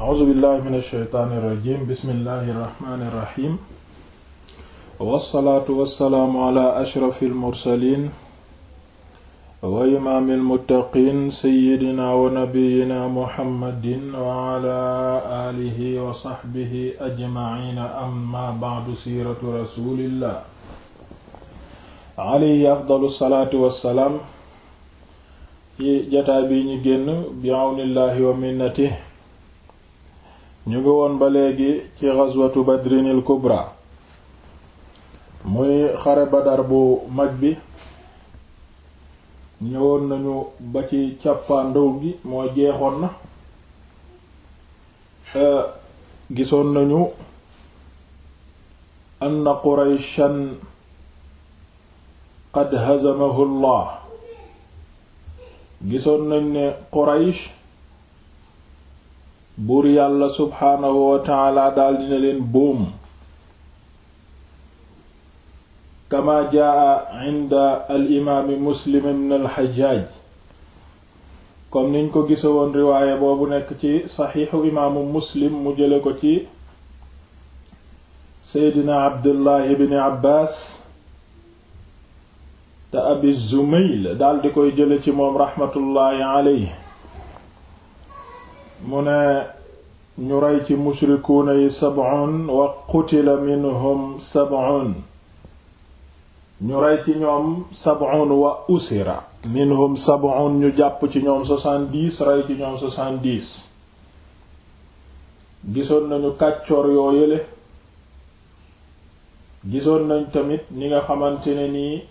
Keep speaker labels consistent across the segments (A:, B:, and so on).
A: a'uuzu billahi min alsheytaani irrajim bismillahi irrahmani irrahim wassalaatu wassalaamu ala ashrafi almursalin wa imaami almuttaqin seyidina wa nabiyina muhammadin wa ala alihi wa saxbihi ajmaciina amma bacdu siiratu rasulillah alayhi afdalu salaatu wassalaam ci jataa bi ñu génn bi awnillahi wa minnatihi ñu ngi woon ba léegi ci ghazwatu badrinil kubra muy xare badar bu mag bi ñëwoon nañu ba ci càppaandaw gi moo jeexoon na gisoon nañu anna qurayshan qad hazamahu allah gisoon nañ ne quraysh buur yàlla subhaanahu wa taala daal dina leen boom kama jaa inda al imaami muslim ibn al xajjaaj comme niñ ko gisa woon riwaaye boobu nekk ci saxiixu imaamu muslim mu jële ko ci seydina abdullahi ibn abbaas te abi zumayl daal di koy jële ci moom raxmatullaahi aleyhi mu ne ñu rey ci mushrikuuna yi sab'un wa qutila minhum sab'un ñu rey ci ñoom sab'un wa usira minhum sab'un ñu jàpp ci ñoom soixante-dix rey ci ñoom soixante gisoon nañu kàccoor yoo yële gisoon nañ tamit ñi nga xamante ne nii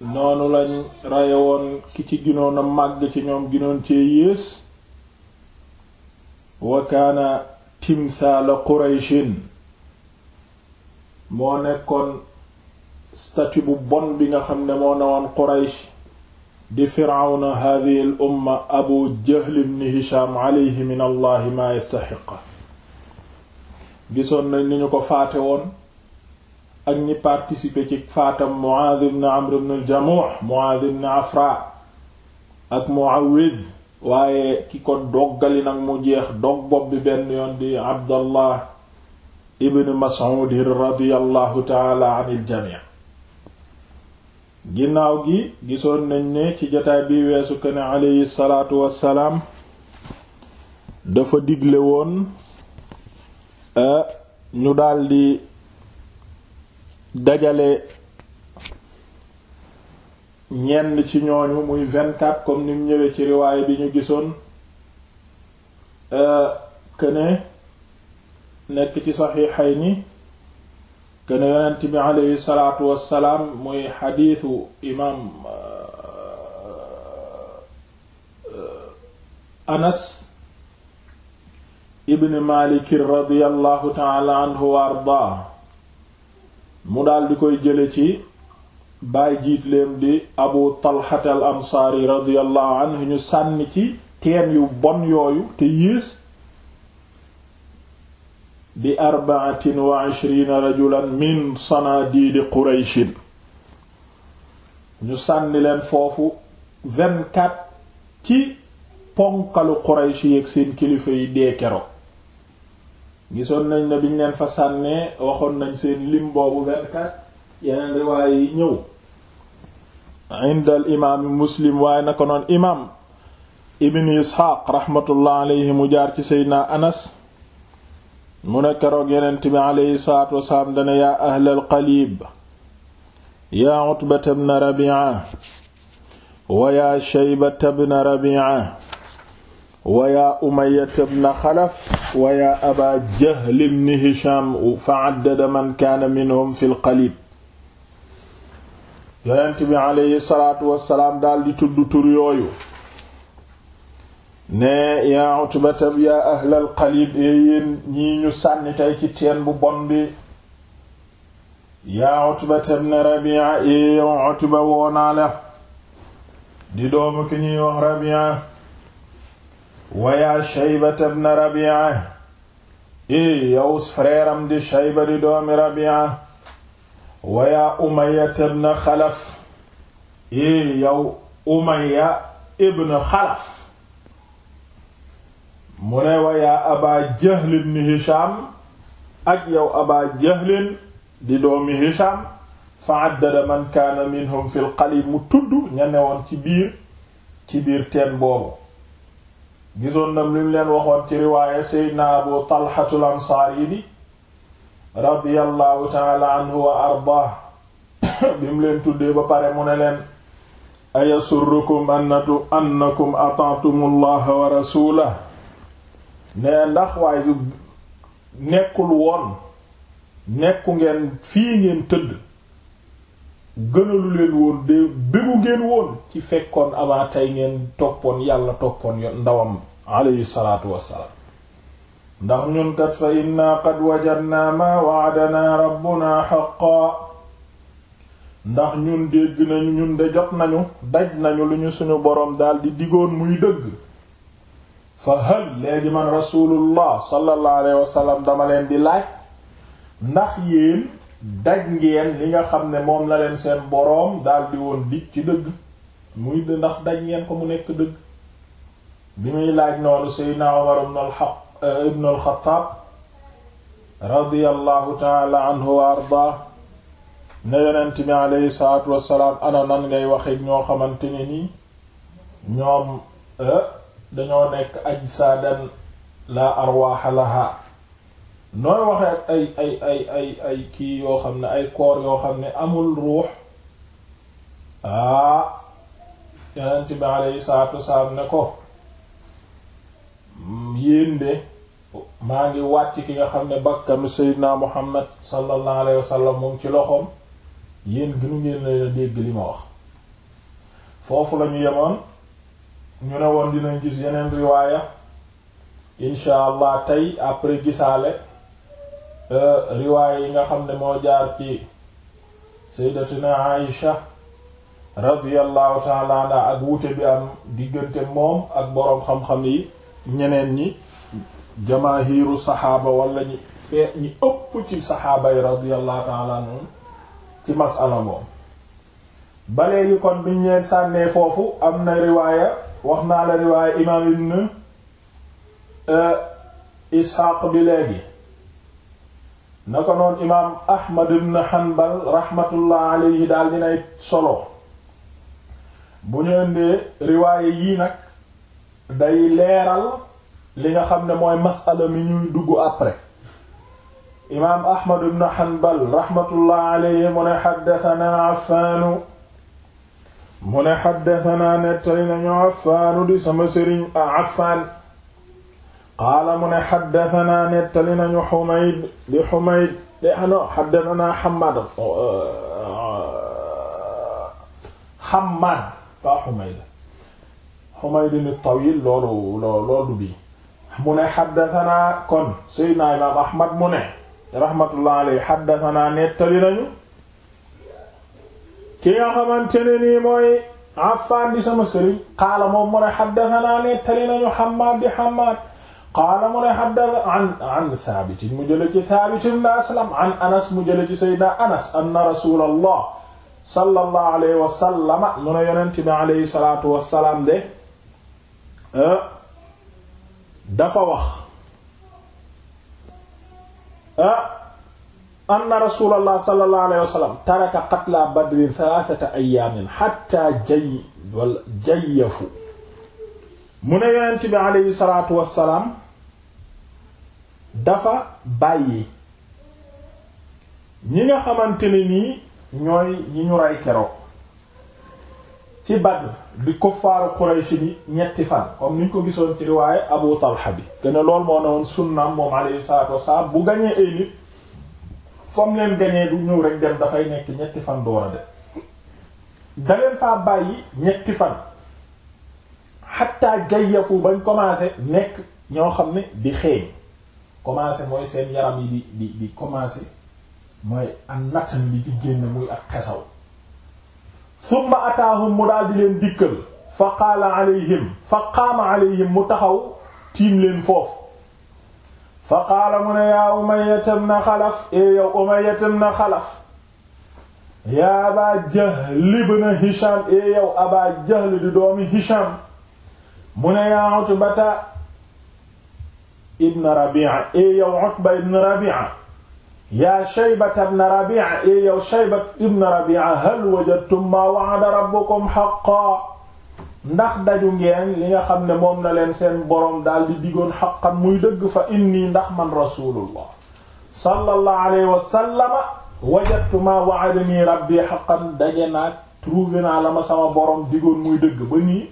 A: noonu lañ reyewoon ki ci ginoon a màgg ci ñoom ginoon cee yées wa kaana timsaala qurayshin moo nekkoon statue bu bon bi nga xam ne moo newoon quraysh di firawna hadihi l umma abu jahl ibn hisham alayhi min allahi maa yastaxiqa gisoon nañ ni ñu ko faate woon ak ni participer ci faatam muaaz ibn amr ibn al jamuh muaaz ibn afra ak muawiz waaye ki ko doggali nag mu jeex dog bopp bi benn yoon di abdallah ibn mas'ud radiyallahu taala anil jamii ginnaaw gi gisoon nañ ne ci jataay bi weesu ko ne aleyhi salaatu wassalaam dafa digle woon eh, ñu daldi dajale ñenn ci ñooñu muy vingt comme ni mu ñëwee ci riwaay bi ñu gisoon këne euh, nekk ci saxiixayni këne yonent bi aleyhi salaatu wassalaam muy xadiisu imaam euh, anas ibn maalik radiyallahu taala anhu wa ardaa mu dal koy jële ci baay jiit leen di abu talhat al ansaari radiyallahu anhu ñu sànni ci teen yu bon yooyu te yées bi arba'atin wa ishrina rajulan min sanadiidi qurayshin ñu sànni leen foofu vingt-quatre ci ponkalu quraysh yeeg seen kilifa yi dee keroog gisoon nañ ne biñ leen fa sànnee waxoon nañ seen lim boobu yeneen riwaaye yi ñëw indal imaami muslim waaye naka noon imaam ibni isxaaq raxmatullah alayhi mu jaar ci seydina anas mu ne keroog yonent bi alayhi salaatu wasalaam dana yaa ahlal qaliib yaa utbata bna rabiica wa yaa shaybata bna rabiica wa yaa umayata bna xalaf wa yaa abaa jahl bni hisham fa caddada man kaana minhum fi lqaliib yonent bi aleyhi salaatu wassalaam daal di tudd tur yooyu ne yaa utbata yaa ahlal qalib e yéen ñii ñu sànni tey ci teen bu bon bi yaa utbata ibn rabia e yow utba woonaa di doomu ki ñuy wax rabia wa yaa shaybata ibn rabia e yow frère di shayba di doomi rabia wa yaa Umayya ibn Xalaf i yow Umayya ibn mu ne wa yaa Abaa Jahl ibn Hisham ak yow Abaa Jahl di doomi Hisham fa addada man kaana minhum fil qalib mu tudd ña newoon ci biir ci biir teen boobu gisoon nam na ñu leen waxoon ci riwaaya Seydina Abu Talhatul Ansaari bi radiyallahu taala anhu wa ardah bim leen tuddee ba pare mu ne leen ayasurrukum annatu annakum ataatumullaha wa rasulah ne ndax waay ju nekkul woon nekku ngeen fii ngeen tëdd gënalu leen woon de bégu ngeen woon ci fekkoon avant tey ngeen toppoon yàlla toppoon ndawam alayhi salaatu wassalaam ndax ñun kat fa inna qad wajadna ma wa'adana rabbuna haqqan ndax ñun dégg nañu ñun de jot nañu daj nañu lu ñu suñu boroom daldi digoon muy dëgg fa hal léegi man rasulullah sallallahu alayhi wasallam dama leen di laaj ndax yéen daj ngeen li nga xam ne moom la leen seen boroom daldi woon dig ci dëgg muy ndax daj ngeen ko mu nekk dëgg bi muy laaj noonu Seydina Umar ibn al-Haqq Euh, ibn al-Xattaab radiyallahu taala anhu wa ardaa ne yonent bi aleyhi salaatu wassalaam ana nan ngay waxe ñoo xamante ne ni ñoom euh, dañoo nekk ajsaadan la arwaaxa lahaa nooy waxe ak ay ay ay ay ay kii yoo xam ne ay koor yoo xam ne amul ruux aa ah, yonent bi aleyhi salaatu wassalaam ne ko hmm, yéen maa ngi wàcc ki nga xam ne bakkanu naa muhammad sallallahu alayhi wasallam moom ci loxoom yéen gënu ngeen la dégg li ma wax foofu lañu yemoon ñu ne woon dinañ gis yeneen riwaaya incha allah tey après gisaale euh, riwaaya yi nga xam ne moo jaar ci sayyidatuna aisha radiyallahu ta'ala anha ak wuute bi am diggante moom ak boroom xam-xam yi ñeneen ñi jamaahiru saxaaba wala ñi fee ñi ëpp ci saxaaba yi radiyallahu ta'ala anhum ci masala moom ba léegi kon biñ leen sànnee foofu am na riwaaya wax naa la riwaaya imaam ibn e, isxaaq bi léegi na ko noon imaam ahmad ibn hanbal rahmatullah alayhi daal dinay solo bu ñu indee riwaaya yii nag day leeral li nga xam ne mooy masala mi ñuy dugg après imaam ahmad ibn hanbal rahmatullah alayhi mu ne xaddatanaa affaanu mu ne xaddatanaa nettali nañu affaanu di sama sëriñ a ah, affaan qaala mu ne xaddatanaa nettali nañu xumayd di xumayd di ano ah, xaddatanaa xamad xamad oh, eh, ba xumayd xumayd ni tawil loolu loolu bi mu ne xaddatanaa kon seydna imaam ahmad mu ne rahmatullah aley xaddatanaa nettali nañu ki nga xamante ne nii mooy Affaan di sama sëriñ qaala moom mu ne xaddatanaa nettali nañu xammaad di xammaad qaala mu ne xaddata an an saabitin mu jële ci saabitin da aslam an anas mu jële ci seydna anas anna rasuulallah sallallahu alayhi wa sallama mu ne yonent bi alayhi salaatu wassalaam de eh, dafa wax ah anna rasulallah sallallahu alayhi wa sallam taraka qatla badrin thalathata ayaamin hatta jay wala jayyafu mu ne yonent bi aleyhi salatu wassalaam dafa bàyyi ñi nga xamante ne nii ñooy ñi ñu rey ci Badr di kuffaaru Quraysh ni ñetti fan comme niñ ko gisoon ci riwaaye Abu Talha bi te ne moo ne woon sunnaam moom alayhi salaatu wasalaam bu gañee ay nit leen gañee du ñëw rek dem dafay nekk ñetti fan door a dem faa bàyyi ñetti fan xatta gayyafu bañ commencé nekk ñoo xam ne di xeeñ commencé mooy seen yaram yi di di di commencé mooy ak nattan bi ci génn muy ak xesaw summa ataahum mu daal di leen dikkal fa qaala alayhim fa qaama alayhim mu taxaw tiim leen foofu fa qaala mu ne yaa umayyata ibn xalaf e yow umayyata ibn xalaf yaa aba jahl ibn hisham e yow aba jahl di doomi hisham mu ne yaa utbata ibn rabi'a e yow utba ibn rabi'a yaa shaybata ibn rabi'a e eh, yow shaybat ibn rabi'a hal wajadtum ma wa'ada rabbukum haqqan ndax daju ngeen li nga xam ne moom na leen seen boroom daal di digoon xaqan muy dëgg fa inni ndax man rasulullah sallallahu alayhi wa sallama wajadtu ma wa'adani rabbi haqqan daje naa trouvé naa la ma sama boroom digoon muy dëgg ba nii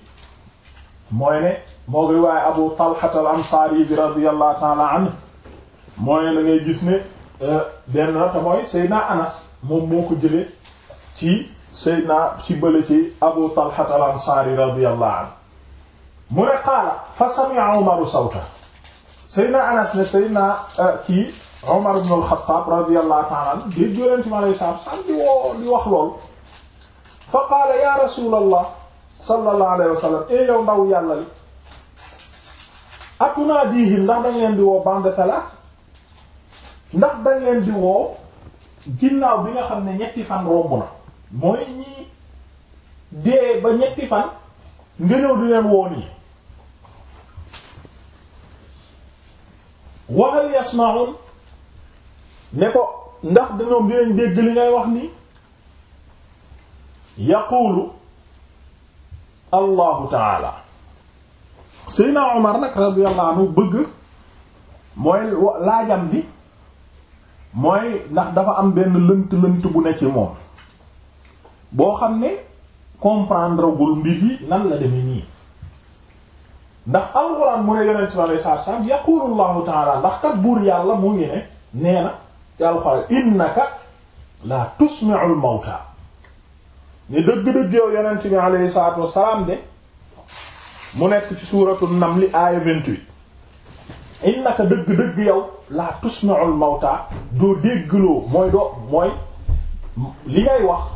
A: mooy ne moo ngi waaye abu talhat al ansaari bi radiyallahu ta'ala anhu mooy ne da ngay gis ne Euh, benn la te mooy Seydina Anas moom moo ko jële ci Seydina ci bële ci Abu Talha al-Ansari radiyallahu anhu mu ne qaala fa sami'a Umaru sawta Seydina Anas ne Seydina euh, kii Umar ibn al-Khattab radiyallahu ta'ala anhu di jolenti ma lay saab sax di woo di wax lool fa qaala ya rasulallah sallallahu alayhi wa sallam e yow ndaw yàlla li atunaa diihim ndax dañ leen di woo bande thalath ndax dañ leen di woo ginnaaw bi nga xam ne ñetti fan romb na mooy ñii dee ba ñetti fan nga ñëw di leen woo nii waxal yasma'un ne ko ndax dañoom dinañ dégg li ngay wax nii yaqulu allahu taala seydna omar nag radiyallahu anhu bëgg mooy laajam ji mooy ndax dafa am benn lënt lënt bu ne ci moom boo xam ne comprendre gul mbir yi nan la demee nii ndax alxuraan mu ne yonent bi alayhi salaatu salaam yaqulu llahu taala ndax kat buur yàlla mu ngi ne nee na ci alxuraan innaka la tusmi'ul mawta ne dëgg-dëgg yow yonent bi salaatu wassalaam de mu nekk ci suuratu namli aaya 28 innaka dëgg-dëgg yow laa tusma'ul mawta doo déggloo mooy doo mooy li ngay wax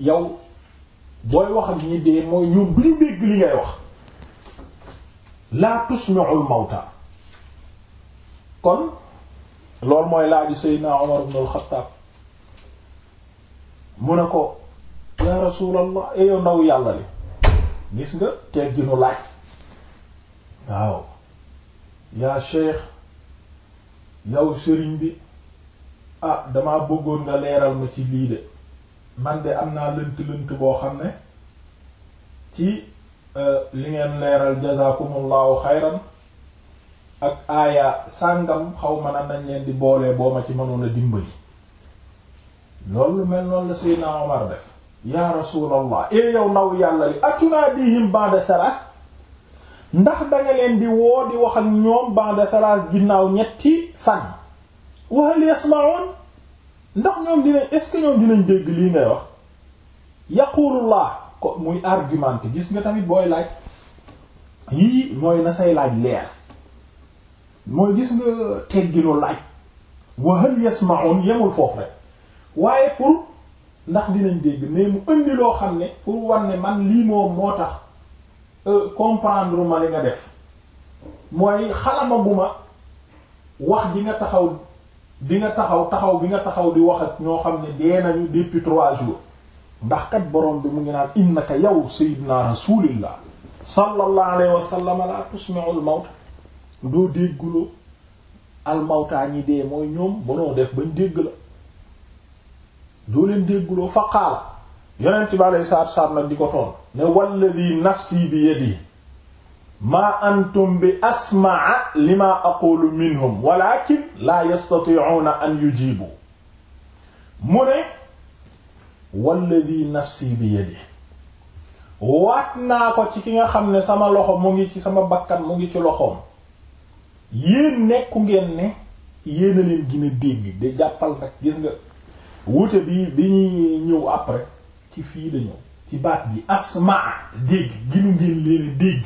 A: yow booy wax ak ñi dee mooy ñoom du ñu dégg li ngay wax laa tusma'ul mawta kon loolu mooy laaju Seydina Umar ibn al-Khattab mu ne ko ya rasulallah eyow eh ndaw yàlla li gis nga tegginu laaj waaw yaa cheikh yow sëriñ bi ah dama bëggoon nga leeral ma ci lii de man de am naa lënt-lënt boo xam ne ci euh, li ngeen leeral jazakumullahu xayran ak aaya sàngam xaw ma na nañ leen di boolee boo ma ci mënoon a dimbali loolu mel noon la Seydina Omar def ya rasulallah e eh, yow naw yàlla li atunaa dihim ba'da saras ndax danga leen di woo di wax ak ñoom ba'da salaas ginnaaw ñetti fan wa hal yasma'un ndax ñoom dinañ est ñoom dinañ dégg lii ngay wax yaqulullah ko muy argumenté gis nga tamit booy laaj yii mooy na say laaj leer mooy gis nga teggilu laaj wa hal yasma'un yemul foofu rek waaye pour ndax dinañ dégg mais mu indi loo xam ne pour war man lii moom moo tax Euh, comprendre ma li nga def mooy xalamaguma wax ji nga taxaw bi nga taxaw taxaw bi nga taxaw di wax ak ñoo xam ne dee nañu depuis trois jours ndax kat borom bi mu ngi naan innaka yow sayyidina rasulillah sallallahu alayhi wa sallam la tusmi'ul mawt doo dégguloo almawtaa ñi dee mooy ñoom banoo def bañ dégg la doo leen dégguloo fa qaala yonent bi aleyhi salaatu salaam nag di ko toon ne walladi nafsi bi yadihi maa antum bi asmaa lima aqulu minhum walakin laa yastati'una an yujibu mu ne walladi nafsi bi yadihi waat naa ko ci ki nga xam ne sama loxo mu ngi ci sama bakkan mu ngi ci loxoom yéen nekku ngeen ne yéen a leen gën a dégg de jàppal rek gis nga wuute bi bi ñuy ñëw après ci fii la ci baat bi asmaa dégg ginu ngeen leen a dégg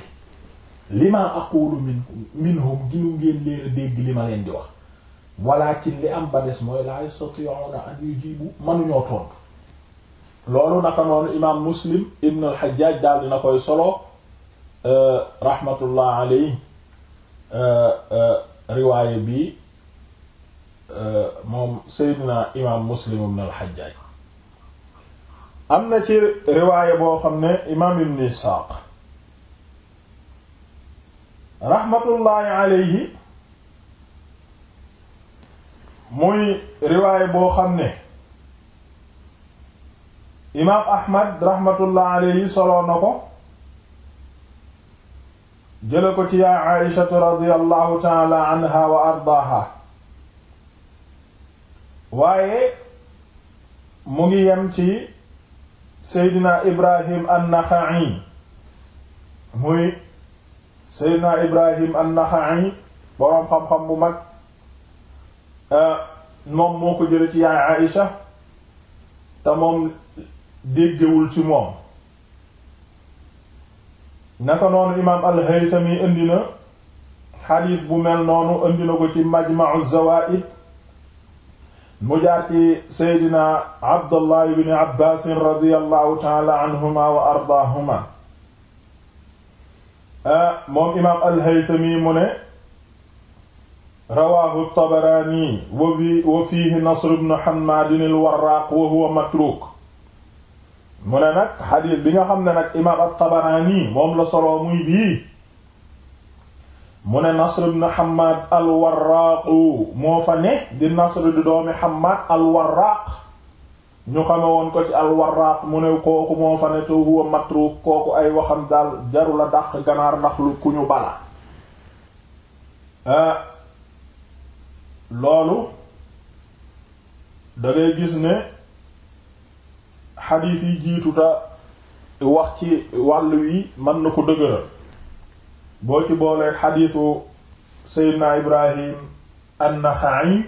A: li ma aqulu minkum minhum ginu ngeen leen a dégg li ma leen di wax walaakin li am ba des mooy laa yastati'una an yujibu mënuñoo tontu loolu naka noonu imaam muslim ibn al-Hajjaj daal dina koy solo euh, rahmatullah alayhi euh, euh, riwaaye bi moom Seydina imaam muslim ibn al am na ci riwaaya boo xam ne imaam ibn Isxaaq raxmatullaahi muy riwaaya boo xam ne imaam Ahmad raxmatullaahi solo soloo na ko jële ko ci yaa Aayishatu radiyallaahu ta'aala anha waaye mu ngi yem ci seydina ibrahim an-Naxa'i muy seydina ibrahim an-Naxa'i boroom xam-xam bu mag ah, moom moo ko jële ci yaay Aïsha te moom déggewul ci moom naka noonu imaam al-Haythami indi na bu mel noonu indi ko ci Majma'u Zawaa'id mu jaar ci seydina abdullah ibn abbaas radiallahu taala anhuma wa ardaahuma ah, moom imaam alhaytami mu ne rawaahu ltabaraani wa fiihi nasr ibn hammaadin alwarraaq wa huwa matruuk mu ne nag xadiis bi nga xam ne nag imaam altabaraani moom la soloo muy bii mu ne Nasr ibn Hammaad al-Warraaq moo fa ne di Nasr di doomi Hammaad al-Warraaq ñu xame woon ko ci al-Warraaq mu ne kooku moo fa ne te huwa matruuk kooku ay waxam daal jaru la dàq ganaar ndax lu ku ñu bala ah, loolu da gis ne xadiis yi jiituta wax ci wàll wi mën na ko dëgëral boo ci boolee xadiisu seydna ibrahim annaxai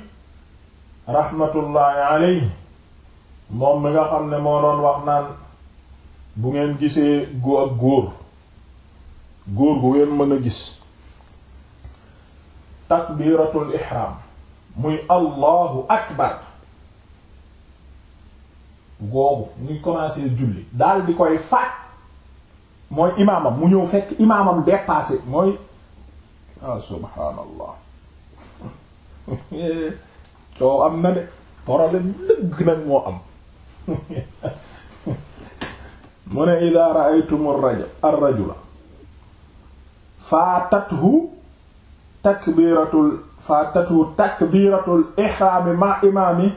A: raxmatullaahi aley moom mi nga xam ne moo doon wax naan bu ngeen gisee gu ak góor góor gu ngeen mën a gis takbiratul ihram muy allahu akbar goobu ngi commencé julli daal di koy faat mooy imaamam mu ñëw fekk imaamam dépassé mooy subhaanallah coow am na de problème dëgg nag moo am mu ne ida raaytum ar-rajul ar-rajula faatathu takbiratul faatathu ma imaami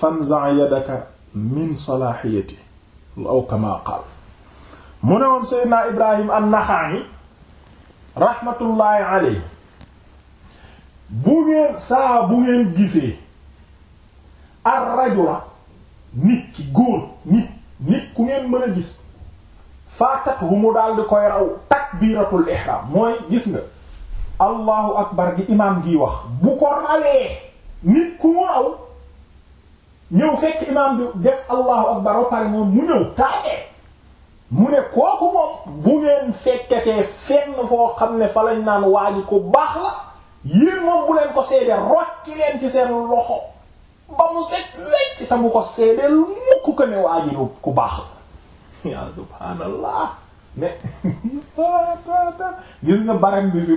A: fanza' yadaka min salahiyati aw kama qaal mu ne moom Seydina Ibrahim an-Naxa'i rahmatullahi alayhi bu ngeen saa bu ngeen gisee ar nit ki góor nit nit ku ngeen mën a gis faatat wu mu daal di koy raw takbiratul ihram gi wax bu ko rawee nit ku mu raw ñëw fekk imaam bi def allahu akbar wa pare moom mu ñëw taatee mu ne kooku moom bu ngeen fekkatee na foo xam ne falañ lañ naan waa ji ko baax la yéen moom bu leen ko seedee rocci leen ci seen loxo ba mu set wecc te bu ko seedee mukk ko ne waa ji ku baax la yaa subhaanallah mais gis nga fi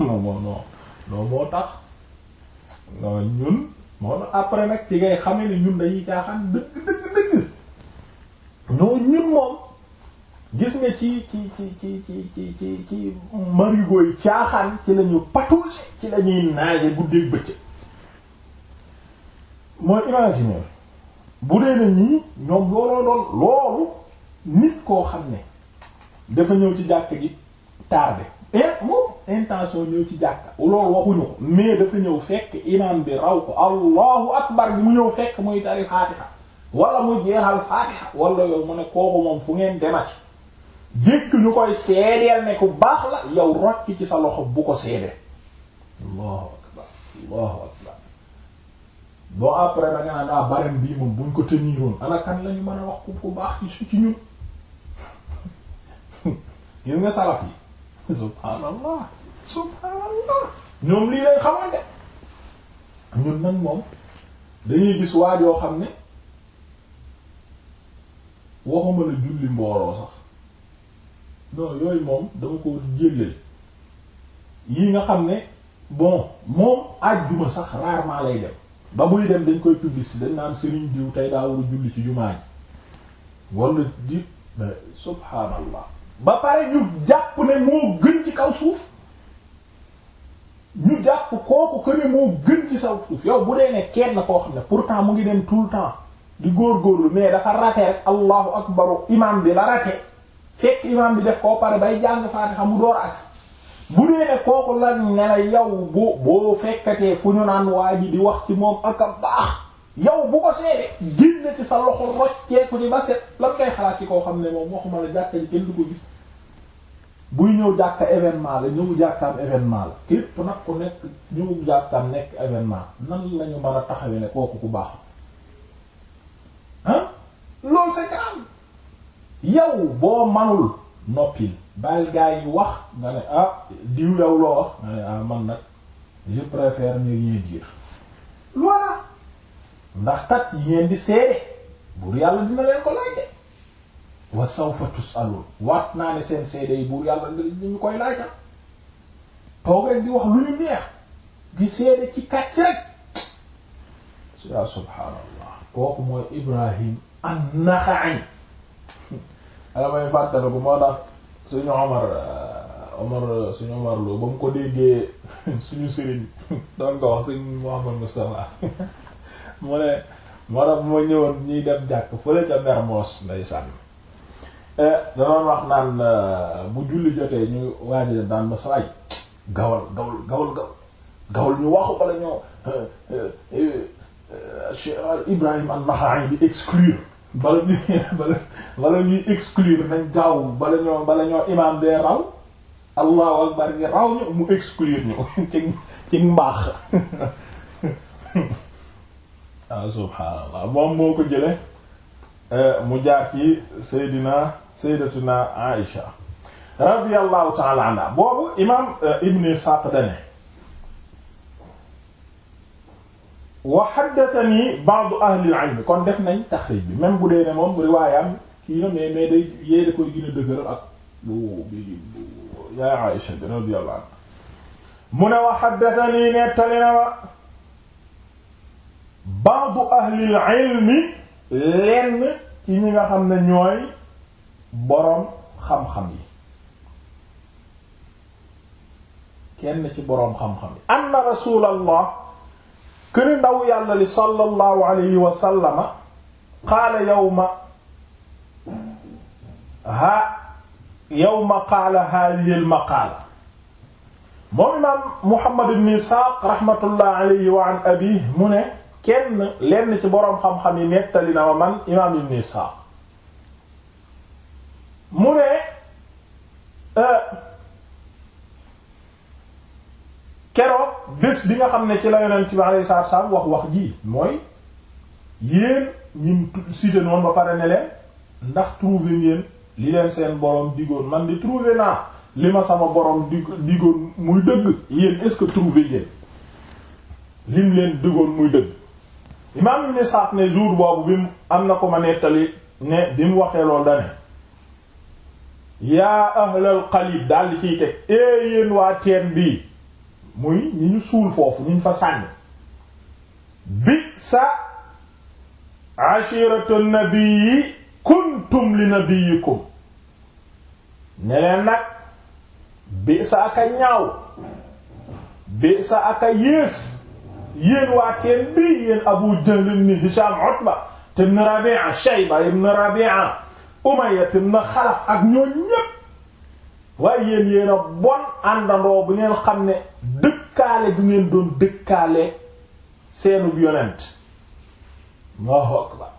A: non non non tax non ñun moo tax après nag ci ngay xamee ne ñun dañuy caaxaan dëgg dëgg dëgg ñoo ñun moom gis nga ci ci ci ci ci ci ci ci marigo yi ci lañu patauger ci lañuy naaje guddeeg bëccëg mooy imaginer bu dee na ñoom looloo loolu nit koo xam ne dafa ñëw ci jàkk gi tardé et eh, moom intention ñëw ci jàkk loolu waxuñu mais dafa ñëw fekk imam bi raw ko allahu akbar bi mu ñëw fekk muy tari faatiha wala mu jeexal faatiha wala yow mu ne kooku moom fu ngeen demati dëkk ñu koy seedeel ne ku baax la yow rocc ci sa loxo bu ko seedee allahu akbar allahu akbar bon après da nga naan daa ah, barem bii moom buñ ko teniroon ana kan la ñu mën a wax ku ku baax ci su ci ñun gis nga salaf yi subhaanallah subhaanallah ñoom lii lay xamante ñun nag moom dañuy gis waaj yoo xam ne waxuma la julli mbooloo sax non yooyu moom dama ko jëllee yi nga xam ne bon moom àjjuma sax rarement lay dem ba muy dem dañ koy publicité dañ naan sëriñ diw tey daa war julli ci jumaa ji wala di subhaanallah ba pare ñu jàpp ne moo gën ci kaw suuf ñu jàpp kooku que ne moo gën ci saw suuf yow bu dee ne kenn koo xam ne pour pourtant mu ngi dem tout le temps di góor góorlu mais dafa rate rek allahu akbaru imam bi la rate fekk imam bi def koo pare bay jàng faatixa mu door agsi bu dee ne kooku la ne la yow boo boo fekkatee fu ñu naan waa ji di wax ci moom ak baax yow bu ko seede génn ci sa loxo rocceeku di ba set lan ngay xalaat ci koo xam ne moom waxuma la jàkka ji kenn du ko gis buy ñëw jàkka événement la ñëw jàkkaam événement la képp nag ku nekk ñëw jàkkaam nekk événement nan lañu mën a taxawee ne kooku ku baax ah loolu c'est grave yow boo manul noppil bàyyil yi wax nga ne ah diw yow loo wax nga ah, man nag je préfère ne rien dire ndax kat yi ngeen di seede buur yàlla dina leen ko laaj wa sawfa tusalun waat naa ne seen seede yi buur yàlla dinañu koy laaj toog rek di wax lu ñu neex di seede ci kàcc rek yaa subhaanallah kooku mooy Ibrahim an-Naxa'i ala may fàttale ko moo suñu Omar euh, Omar suñu Omar Lo ba mu ko déggee suñu sëriñ doon ko suñu Muhammad mu ne moo tax bu ma eh, naan euh, bu julli jotee ñu waaji daan ma saay gawal gawal gawal gawal gawal ñu waxu wala ñoo euh, Euh, Cheikh Ibrahim an-Nakha'i di exclure bala ñuy bala bala ñuy exclure nañ gaaw bala ñoo bala ñoo imaam dee raw allahu akbar gi raw ñu mu exclure ñu ci ci mbaax ah subhaanallah moo ko jële euh, mu jaar ci Seydina Seydatuna Aïsha radiyallahu ta'ala anha boobu imaam euh, Ibn Sa'd dane wa haddathanii ba'du ahli al-ilm kon def nañ taxriij bi même bu dee ne moom riwaayam kii na mais mais day yee da koy gën a dëgëral ak bu bi yaa Aïsha radiyallahu anha mu ne wa haddathanii nettali na wa ba'du ahli al-ilm lenn ci ñi nga xam ne ñooy boroom xam-xam yi kenn ci boroom xam-xam yi anna rasulallah këni ndaw yàlla li sallallahu alayhi wa sallama qaala yawma ha yawma qaala haadihi al-maqaala moom imaam Muhammad ibn Isaaq rahmatullah alayhi wa an abiih mu ne kenn lenn ci boroom xam-xam yi nettali na ma man imaam ibn Isaaq mu ne euh, keroog bés bi nga xam ne ci la yonent bi alayhi salaatu salaam wax wax ji mooy yéen ñim cité noonu ba pare ne leen ndax trouver ngeen li leen seen borom digoon man di trouver naa li ma sama borom dig digoon muy dëgg yéen est-ce que trouver ngeen lim leen digoon muy dëgg imaam ibn Sa'd ne jour boobu bi am na ko ma nettali ne bi mu waxee loolu dane yaa ahlal qalib daal di ciy teg ee yéen waa teen bii muy ñi ñu suul foofu ñu fa sànni bi sa ashiratu nabiyyi kuntum li nabiyyikum ne leen nag bi sa aka ñaaw bi sa aka yées yéen waa teen bii yéen Abu Jahl ibn Hisham Utba ibn Rabi'a Shayba ibn Rabi'a Umayya ibn Khalaf ak ñoo ñépp waaye yéen yéen a bon àndandoo bu ngeen xam ne dëkkaale bu ngeen doon dëkkaale seenub yonent Allahu akbar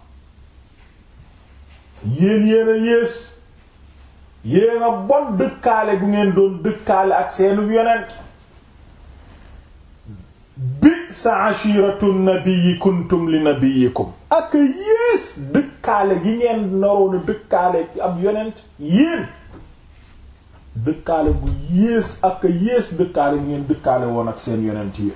A: yéen yéen a yées yéen a bon dëkkaale bu ngeen doon dëkkaale ak seenub yonent bi sa ashiratu nabiyyi kuntum li nabiyyikum ak yées dëkkaale gi ngeen naroon a dëkkaale ak yonent yéen dëkkaale bu yées ak yées dëkkaale bu ngeen dëkkaale woon ak seen yonent yi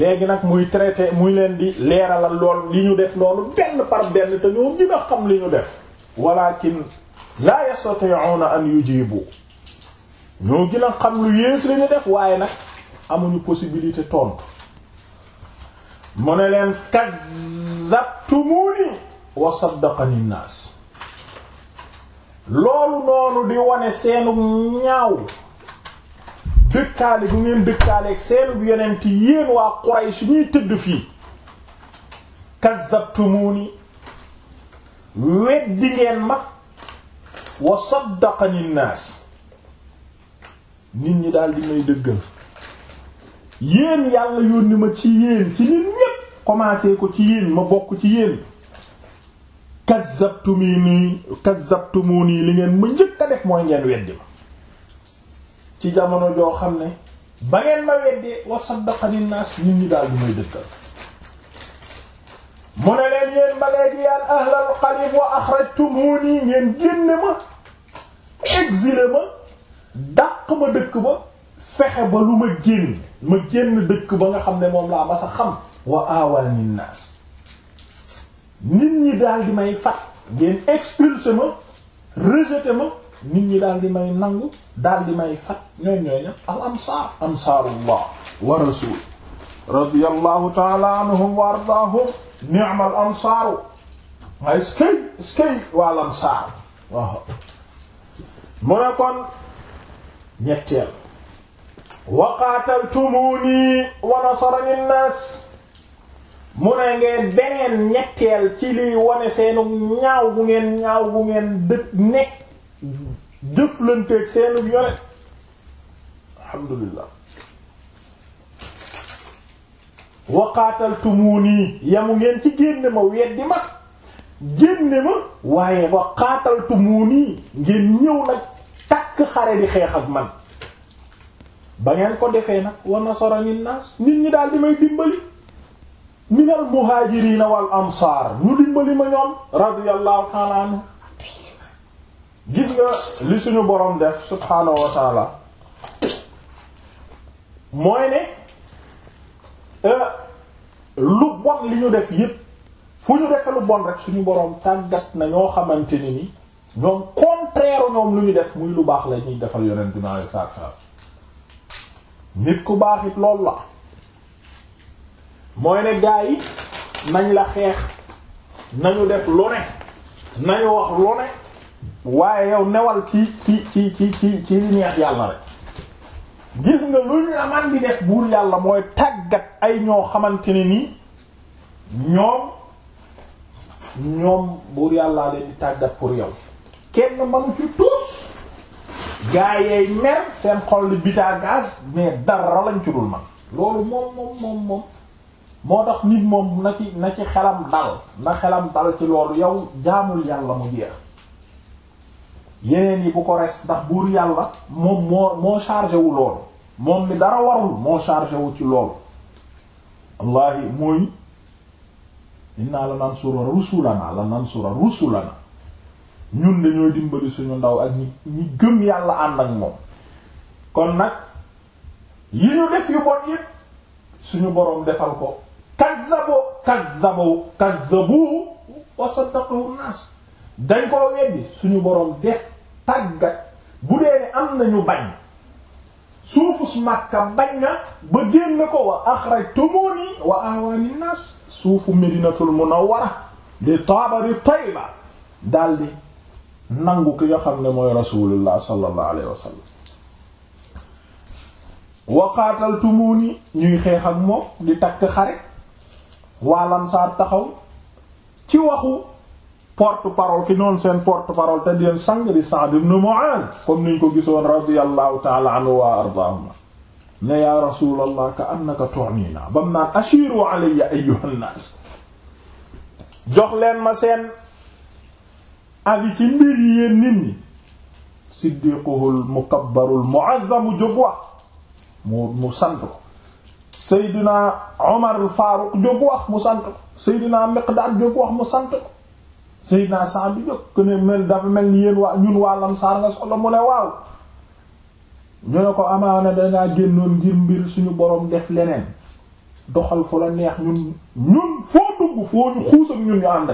A: léegi nag muy traité muy leen di leeralal lool li ñu def loolu benn par benn te ñoo gën a xam li ñu def walakin la yastati'una an yujibu ñoo gën a xam lu yées li ñu def waaye nag amuñu possibilité tontu mu ne leen kazzabtumuni wa saddaqani loolu noonu di wane seenu ñaaw dëkkaale bu ngeen dëkkaaleeg seenu yonent yéen waa Quraysh suñuy tëdd fii kazzabtumuni weddi ngeen ma wa saddaqani naas nit ñi daldi di may dëggal yéen yàlla yónni ma ci yéen ci nit ñépp commencé ko ci yéen ma bokk ci yéen kazzabtumuni kazzabtumuni li ngeen ma njëkk a def mooy ngeen weddi ma ci jamono joo xam ne ba ngeen ma weddee wa saddaqani naas nit ñi daal bi may dëkkal mu ne leen yéen ba léegi yaan ahlal qarib wa axrajtumuni ngeen génne ma exilé ma dàq ma dëkk ba fexe ba lu ma génn ma génn dëkk ba nga xam ne moom laa ma sa xam wa awani naas nit ñi daal di may fat ngeen expulsé ma rejeté ma nit ñi daal di may nangu daal di may fat ñooy ñooy ña al ansaar ansaarullah wa rasul radiyallahu taala anhum wa ardaahum ni'mal ansaaru ngay skay skay wal ansaar mu ne kon ñetteel wa qaataltumuuni wa nasarani nnaas mu ne ngeen beneen ñetteel ci liy wane seenu ñaaw bu ngeen ñaaw bu ngeen dëkk nekk jëflanteeg seenu yore alhamdulillah waqaataltumuunii yamu ngeen ci génne ma weddi ma génne ma waaye waqaataltumuunii ngeen ñëw nag takk xare di xeex ak man ba ngeen ko defee nag wa nasarani naas nit ñi daal di may dimbali minal muhaajiriina wal ansaar ñu dimbali ma ñoom radiyallahu ta'ala anhu gis nga li suñu borom def subhaanahu wa ta'ala mooy ne euh, lu bon li ñu def yëpp fu ñu defee lu bon rek suñu borom tàggat na ñoo xamante ni ni ñoom contraire ñoom lu ñu def muy lu baax la ñuy defal yonent bi sallallahu alayhi nit ku baax it loolu la mooy ne gaa yi nañ la xeex nañu def lu ne nañu wax lu ne waaye yow newal ci ci ci ci ci ci yàlla rek gis nga lu ñu aman bi def buur yàlla mooy tàggat ay ñoo xamante ne ni ñoom ñoom buur yàlla leen tàggat pour yow kenn manu ci tuus gaa yeey mer seen xol li bita mais dara lañ ci dul man loolu moom moom moom moom moo tax nit moom na ci na ci xelam dal na xelam dal ci loolu yow jaamul yàlla mu jeex yeneen yi bu ko res ndax buur yàlla moom moo moo chargé wu loolu moom mi dara warul moo chargé wu ci loolu wallahi mooy inna la nansura rusulana la nansura rusulana ñun dañooy dimbali suñu ndaw ak ñi ñi gëm yàlla ànd ak moom kon nag yi ñu def yu bon yépp suñu boroom defal ko kazzabo kazzabo kazzabu wa saddaqahu naas dañ koo weddi suñu boroom def tàggat bu dee ne am nañu bañ suufus Makka bañ na ba génn ko wa axrajtumuni wa ahwaani naas suufu Madinatul Munawwara di Taaba di Tayba daldi nangu ki nga xam ne mooy Rasulullah sallallahu alayhi wa sallam wa ñuy xeex ak moom di takk xare waa Lansaar taxaw ci waxu porte parole ki noonu seen porte parole te di leen sang di Sa'd ibn Mu'adh comme niñ ko gisoon radiyallahu ta'ala anhu wa ardaahuma ne yaa rasulallah ka annaka tu'nina bam naan ashiru alayya ayyuhan nas jox leen ma seen avis ci mbir yi yéen nit ñi siddiquhul mukabbarul mu'azzamu jóg wax mu mu sant ko Seydina Omar Faruq jóg wax mu sant ko Seydina Miqdad jóg wax mu sant ko Seydina jóg ku ne dafa mel ni yéen waa ñun waa Ansaar nga soxla mu ne waaw ñu ne ko amaana dangaa génnoon ngir mbir suñu boroom def leneen doxal fu la neex ñun ñun foo dugg foo ñu xuus ñun ñu ànd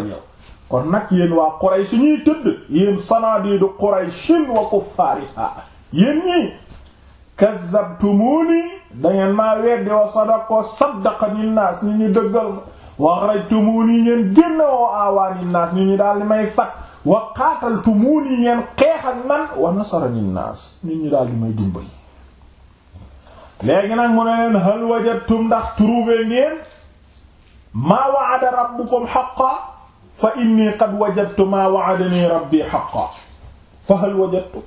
A: nag yéen waa Quraysh ñuy tëdd yéen sanadidu Qurayshin wa kuffaariha yéen ñii kazzabtumuuni dangeen maa weddi wa sadaqa saddaqani naas ni ñu dëggal ma wa axrajtumuuni ngeen génn woo aawaani naas ni ñu daal di may fat wa qaataltumuuni ngeen xeex ak man wa nasarani naas ni ñu daal di may dimbal léegi nag mu ne leen hal wajadtum ndax trouvé ngeen maa wa'ada rabbukum haqqan fa inni qad wajadtu maa wa'adani rabbi haqqan fa hal wajadtum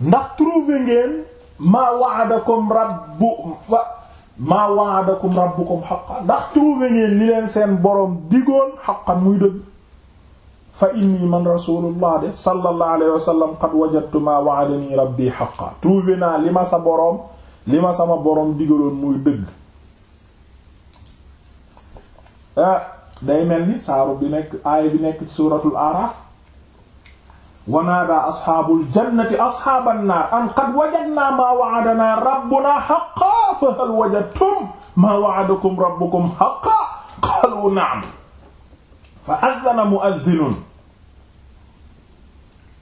A: ndax trouvé ngeen maa wa'adakum rabbu maa wa'adakum rabbukum haqqan ndax trouvé ngeen li leen seen boroom digoon haqqan muy dëgg fa inni man rasulullah de sallallahu alayhi wa sallam qad wajadtu maa wa'adani rabbi haqqan trouvé naa li ma sa boroom li ma sama boroom digaloon muy dëgg ah day mel ni saaru bi nekk aaya bi nekk ci suuratul araf wa naadaa asxaabul jannati asxaaban naar an qad wajadnaa maa wa'adanaa rabbunaa haqqan fa hal wajadtum maa wa'adakum rabbukum haqqan qaaluu na'am fa adhana mu'adhdhinun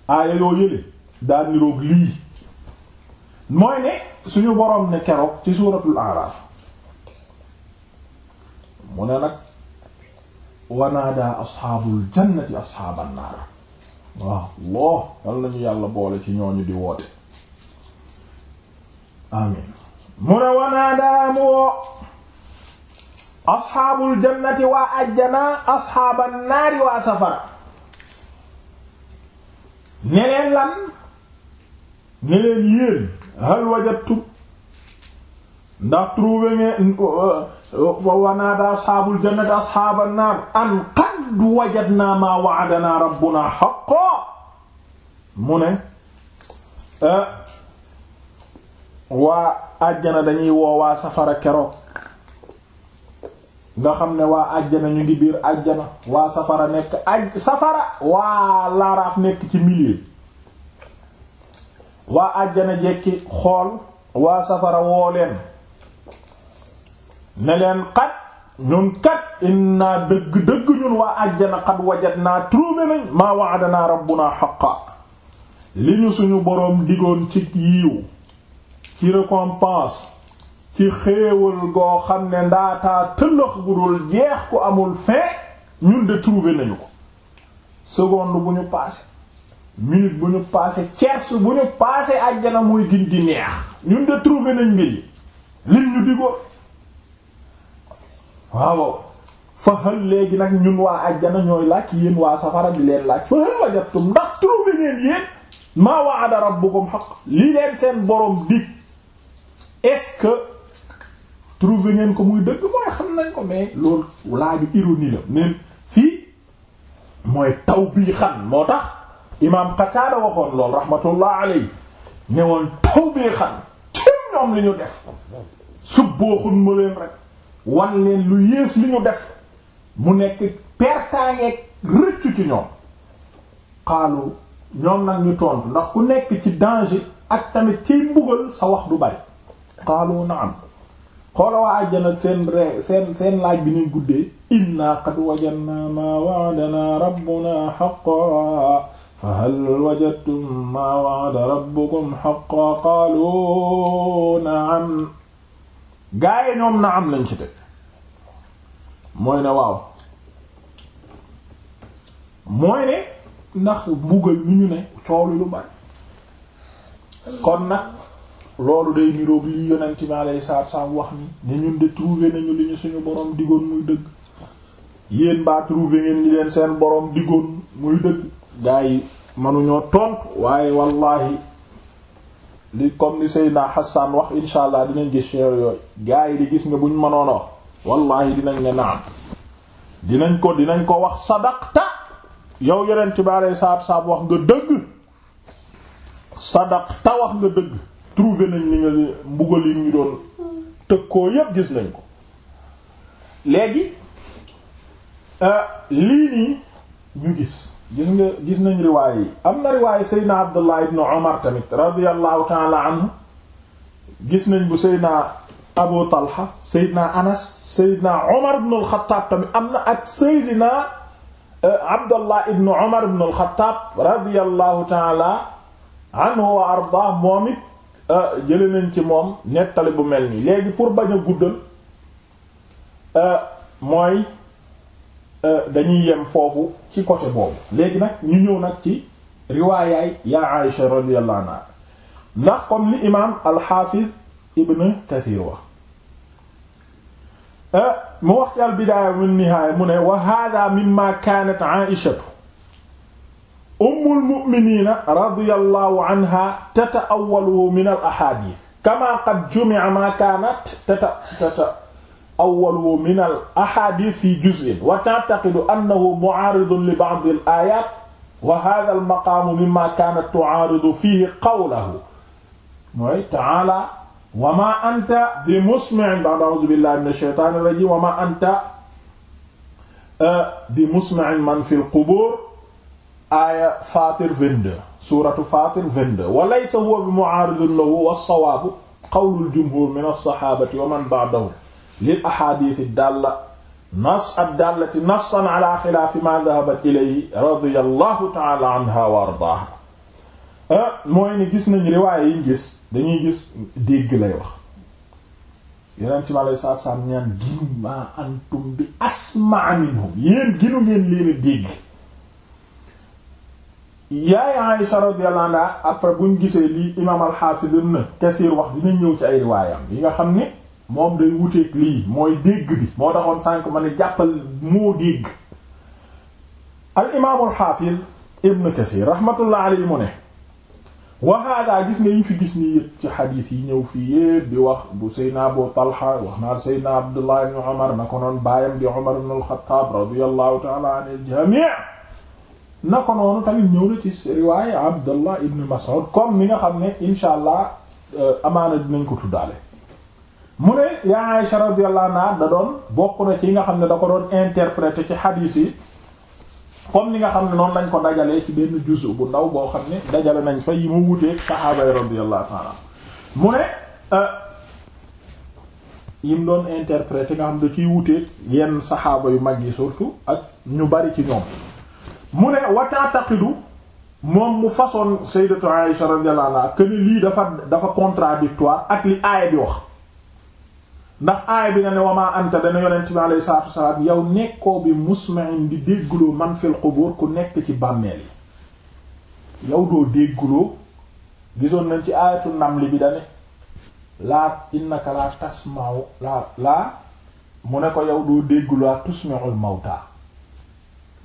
A: aaya yoo yële daa niroog lii mooy ne suñu boroom ne keroog ci suuratul A'raaf mu ne nag wa naadaa asxaabul jannati asxaaban naar waaw loo yal nañu yàlla boole ci ñooñu di woote amin mu ne wanaadaa mu woo asxaabul jannati waa ajjana asxaaban naari waa safara ne lan ne leen hal wajadtum ndax trouvé ngeen wanaadaa asxaabul jannati asxaaban naar an qad wajadna ma wa'adana rabbuna haqqan mu ne eh, waa àjjana dañuy woo waa safara keroog nga xam ne waa àjjana ñu ngi biir àjjana waa safara nekk aj safara waa laaraaf nekk ci milieu waa àjjana jekki xool waa safara woo leen ne leen qad ñun kat inna dëgg dëgg ñun waa àjjana xad wajadnaa trouvé nañ maa wa'adanaa rabbunaa haqqan li ñu suñu borom digoon ci yiiw ci récompense ci xéewal goo xam ne ndaata tëllëx bu dul jeex ku amul fin ñun de trouvé nañu ko seconde bu ñu passé minute bu ñu passé tiers bu ñu passé àjjana muy gin di neex ñun de trouvé nañ mbir lim ñu digoon waaw fa hal léegi nag ñun waa ajjana ñooy laaj yéen waa safara di leen laaj fa hal wajadtum ndax trouvé ngeen yéen maa wa'ada rabbukum haqq li leen seen borom dig est-ce que trouvé ngeen ko muy dëgg mooy xam nañ ko mais loolu laaju ironie la mais fii mooy taw bii xam moo tax imaam Qataada waxoon lool rahmatullah alayhi ne woon taw bii xam tim ñoom li ñu def su booxun ma leen rek wan lu yées li ñu def mu nekk pertaangeeg rëccu ci ñoom xaalu ñoom nag ñu tontu ndax ku nekk ci danger ak tamit ciy mbugal sa wax du bari xaalu na am xoola waa àjjana seen seen laaj bi ñuy guddee inna qad wajadna ma wa'adana rabbuna haqqan fa hal wajadtum ma wa'ada rabbukum haqqan qaalu na'am gaaye ñoom na'am lañ ci te mooy ne waaw mooy ne ndax mbugal mi ñu ne coow lu bari kon nag loolu de niroog li yonent bi alayhi salaatu wax ni ne ñun de trouver nañu li ñu suñu borom digoon muy dëgg yéen baa trouver ngeen li leen seen boroom digoon muy dëgg gaa yi mënuñoo tontu waaye wallaahi li comme ni Seydina Hassan wax insha allah dinañ gis yooyu gaa yi di gis nga buñ mënoon a wax wallahi dinañ ne naam dinañ ko dinañ ko wax sadaqta yow yeneen ci baalee saab saab wax nga dëgg sadaqta wax nga dëgg trouvé nañ ni nga mbugal yi ñu doon tëkkoo yépp gis nañ ko léegi euh, lii nii ñu gis gis nga gis nañ riwaay yi am na riwaay seydna abdullah ibn umar tamit radiallahu taala anhu gis nañ bu seydna Abu Talha Seydina Anas Seydina Omar ibn al-Khattab tamit am na ak Seydina eh, Abdallah ibn Omar ibn al-Khattab radiyallahu ta'ala anhu wa ardaa moom it eh, jële nañ ci moom nettali bu mel nii léegi pour bañ a guddal eh, mooy dañuy yem foofu ci côté boobu léegi nag ñu ñëw nag ci riwaayaay Ah, mu wax ci al bidaaya min nihaaya mu ne wa hada mimma kaanat aishatu ummul mu'miniina radiyallahu anha tata'awwalu min al ahaadiis kama qad jumi'a ma kaanat tata'awwalu min al ahaadiis fi juz'in wa ta'taqidu annahu mu'aaridun li ba'd al aayaat wa hada al maqaamu mimma kaanat tu'aaridu fiihi qawlahu mooy ta'aala wa ma anta bi musmi'in ba'da a'udhu billahi minash shaitanir rajim wa ma anta uh, bi musmi'in man fil qubur aaya Fatir 22 suratu Fatir 22 wa laysa huwa bi mu'aridin lahu was-sawaabu qawlul jumhur min as-sahabati wa man ba'dahum lil ahadith ad-dalla nas ad-dallati nassan ala khilaafi ma dhahabat ilayhi radiyallahu ta'ala anha wa ardaaha Ah, mooy ne gis nañu riwaaye yi gis dañuy gis dégg lay wax yeneen ci ma lay saat saam ñaan ginu ma bi asmaa minhum yéen ginu ngeen leen a dégg yaay Aïsha radiyallahu anha après buñ gisee lii imaam al-Hafiz ibn Kathir wax dina ñëw ci ay riwaayam yi nga xam ni moom day wuteeg lii mooy dégg bi moo taxoon sànk ma ne jàppal moo dégg al imaam al-Hafiz ibn Kathir rahmatullah alayhi mu ne waxaadaa gis nga yi fi gis nii ci xadiis yi ñëw fii yëpp wax bu Seydina Abu Talha wax naa Seydina Abdullah ibn Umar na ko noonu baayam di Umar ibn al-Khattab radiyallahu ta'ala anil jami' na ko noonu tamit ñëw ci riwaaya Abdullah ibn Mas'ud comme ni nga xam ne insha allah euh, amaana dinañ ko tuddaale mu ne yaa Aisha radiyallahu anha da doon bokk na ci nga xam ne da ko doon interpréter ci xadiis yi comme ni nga xam ne noonu lañ ko dajalee ci benn juzu bu ndaw boo xam ne dajale nañ fa yi mu wutee saxaaba yi radiyallahu ta'ala mu ne euh, yim doon interpréter nga xam ne ciy wutee yenn saxaaba yu mag yi surtout ak ñu bari ci ñoom mu ne wa moom mu façon sayyidatu Aisha radiyallahu anha que ni lii dafa dafa contradictoire ak li aaya bi wax ndax aaya bi na ne wamaa anta dana yonent bi alayhi salaatu wasalaam yow nekkoo bi musma'in di déggloo man fil qubur ku nekk ci bàmmeel yi yow doo déggloo gisoon nañ ci aayatu namli bi dane laa innaka laa tasma'u laa laa mu ne ko yow doo déggloo laa tusmi'ul mawta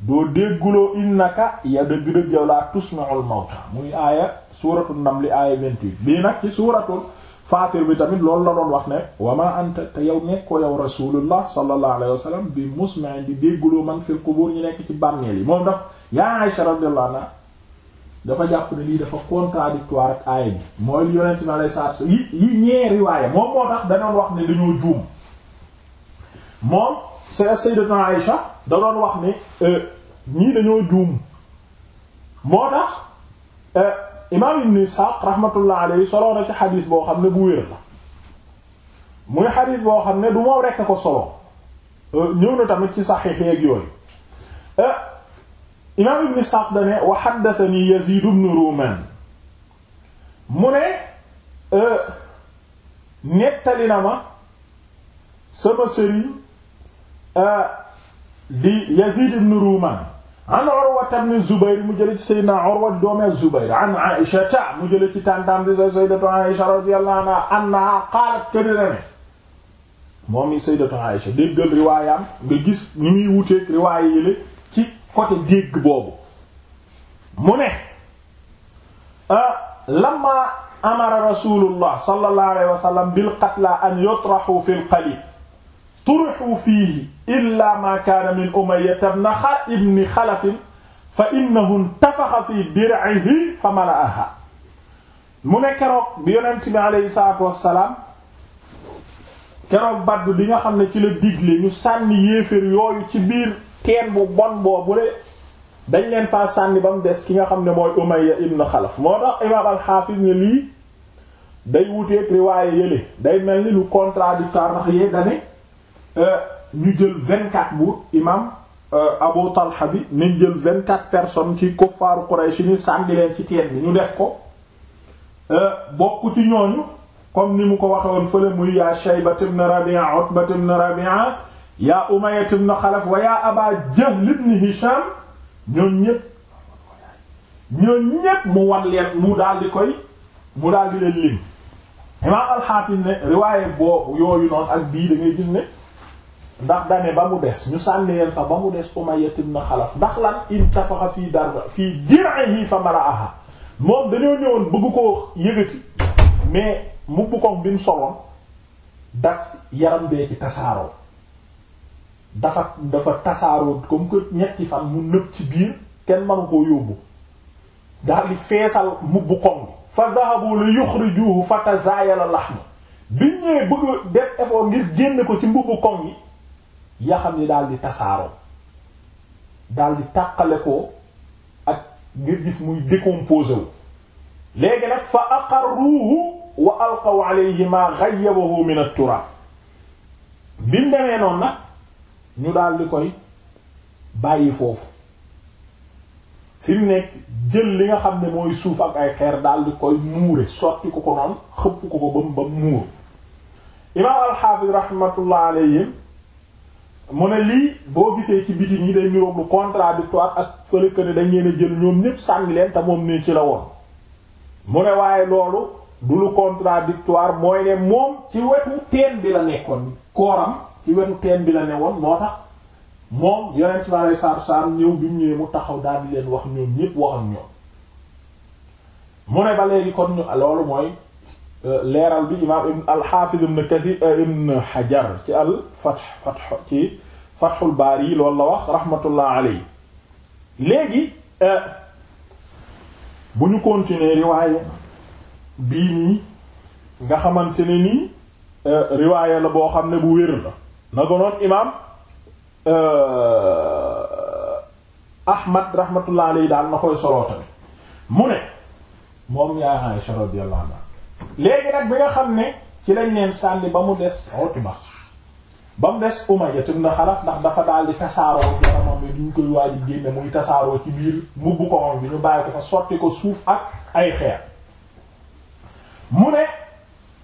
A: doo déggloo innaka ya dëgg-dëgg yow laa tusmi'ul mawta muy aaya suuratu namli aaya 28 bii nag ci suuratul faatir bi tamit loolu la doon wax ne wama anta te yow nekkoo yow rasulullah sallallahu alayhi bi musmi'in di dégguloo man fil qubur ñu nekk ci bàmmeel yi moom ndax yaa Aïsha radiyallahu anha dafa jàpp ne lii dafa contradictoire ak aaya bi mooy li yonent yi yi moom moo tax danoon wax ne dañoo juum moom c'est sayyidatuna Aïsha da doon wax ne euh, ñii dañoo juum moo tax euh, imaam ibn Isxaaq rahmatullah alayhi soloo na ci xadis boo xam ne bu wér la muy xadis boo xam ne du moom rekk ko solo euh, ñëw na tamit ci saxiix yeeg yooyu euh, imaam ibn Isxaaq dane wa xaddatani Yaziid ibn Ruumaan mu ne euh, nettali na ma sama sëriñ di Yaziid ibn Ruumaan an Urwata ibn Zubayr mu jële ci Seydina Urwa doomu Zubayr an Aïsha mu jële ci tàntaam di Sayyidatu Aïsha radiyallahu anha annaha qaalat kënira ne moom i Sayyidatu Aïsha déggal riwaayam nga gis ni muy wuteeg riwaaya yile ci côté dégg boobu mu ne lamma amara rasulullah sallallahu alayhi wa sallam bil qatla an yutrahu fil qalib turixu fiihi illa ma kaana min umayya ibn xalaf fa innahu intafaxa fi dir'ihi fa mala'aha mu ne keroog bi yonent bi aleyhi salaatu wassalaam keroog Badr bi nga xam ne ci la digle ñu sànni yéeféer yooyu ci biir teen bu bon boobu le dañ leen faa sànni ba mu des ki nga xam ne mooy Umayya ibn Xalaf moo tax imaam al-Hafiz lii day wuteek riwaaye yële day mel ni lu contradictoire ndax yee dane Euh, ñu jël vingt-quatre bu imam euh, Abu Talha bi jël vingt-quatre personnes ci kuffaaru Quraysh ni sànni ci teen bi ñu def ko euh, bokk ci ñooñu comme ni mu ko waxe fële muy yaa Shaybat ibn Rabi'a Utbat ibn Rabi'a yaa wa yaa Aba Jahl ibn Hisham ñoom ñépp ñoom ñépp mu wan leen mu daal di koy mu daal di leen lim imaam al-Hafiz ne riwaaye boobu yooyu noonu ak bii da ngay ne ndax dane ba mu des ñu sànniyeen fa ba mu des Umayya ibn Xalaf ndax lan intafaxa fii darba fii dir'ihi fa mala'aha moom dañoo ñëwoon bëgg koo yëgati mais mu bukkoom bi mu soloon daf dafa tasaaroo comme que ñetti nëb ci biir kenn manu koo yóbbu daldi di mu mubbu koŋ bi fa dahabu li yuxrijuhu fa tazaayala laxmu bi ñëwee bëgg def effort ngir génn ko ci mbubbu koŋ yi yaxam ni daal di tasaaroo daal di tàqale ko ak ngir gis muy décomposé wu léegi nag fa aqarruuhu wa alqaw alayhi ma min at-turab bi mu demee nag ñu daal di koy bàyyi foofu fi mu nekk jël li nga xam ne mooy suuf ak ay xeer daal di koy muure sotti ko ko noonu xëpp ko ko ba mu ba muur imaam alxaafis rahmatullah alayhi mu ne lii boo gisee ci biti ñi day niroog lu contradictoire ak fële que ne dañ leen a jël ñoom ñépp sànni leen te moom nii ci la woon mu ne waaye loolu du lu contradictoire mooy ne moom ci wetu teen bi la nekkoon kooram ci wetu teen bi la ne woon moo tax moom yonent ci ma lay saar ñëw bi mu mu taxaw daal di leen wax ñoom ñépp wax ak ñoom mu ne ba loolu mooy leeral bi imaam ibn al-Hafiz ibn Kathir euh, ibn Hajar ci al Fath Fath ci Fathul Baari yi loolu la wax rahmatullah alayhi léegi euh, bu ñu continuer riwaaya bii nii nga xamante ne nii euh, riwaaya la boo xam ne bu wér la na ko noon imaam Ahmad rahmatullah alayhi daal na koy solo tamit mu ne moom yaa Aisha radiyallahu anha léegi nag bi nga xam ne ci lañ leen sànni ba mu des Utba ba mu des Umayya na Xalaf ndax dafa daal tasaaroo yaramam bi duñ koy waaj a muy tasaaroo ci biir mbubb ko moom bi ñu bàyyi ko sotti ko suuf ak ay xeer mu ne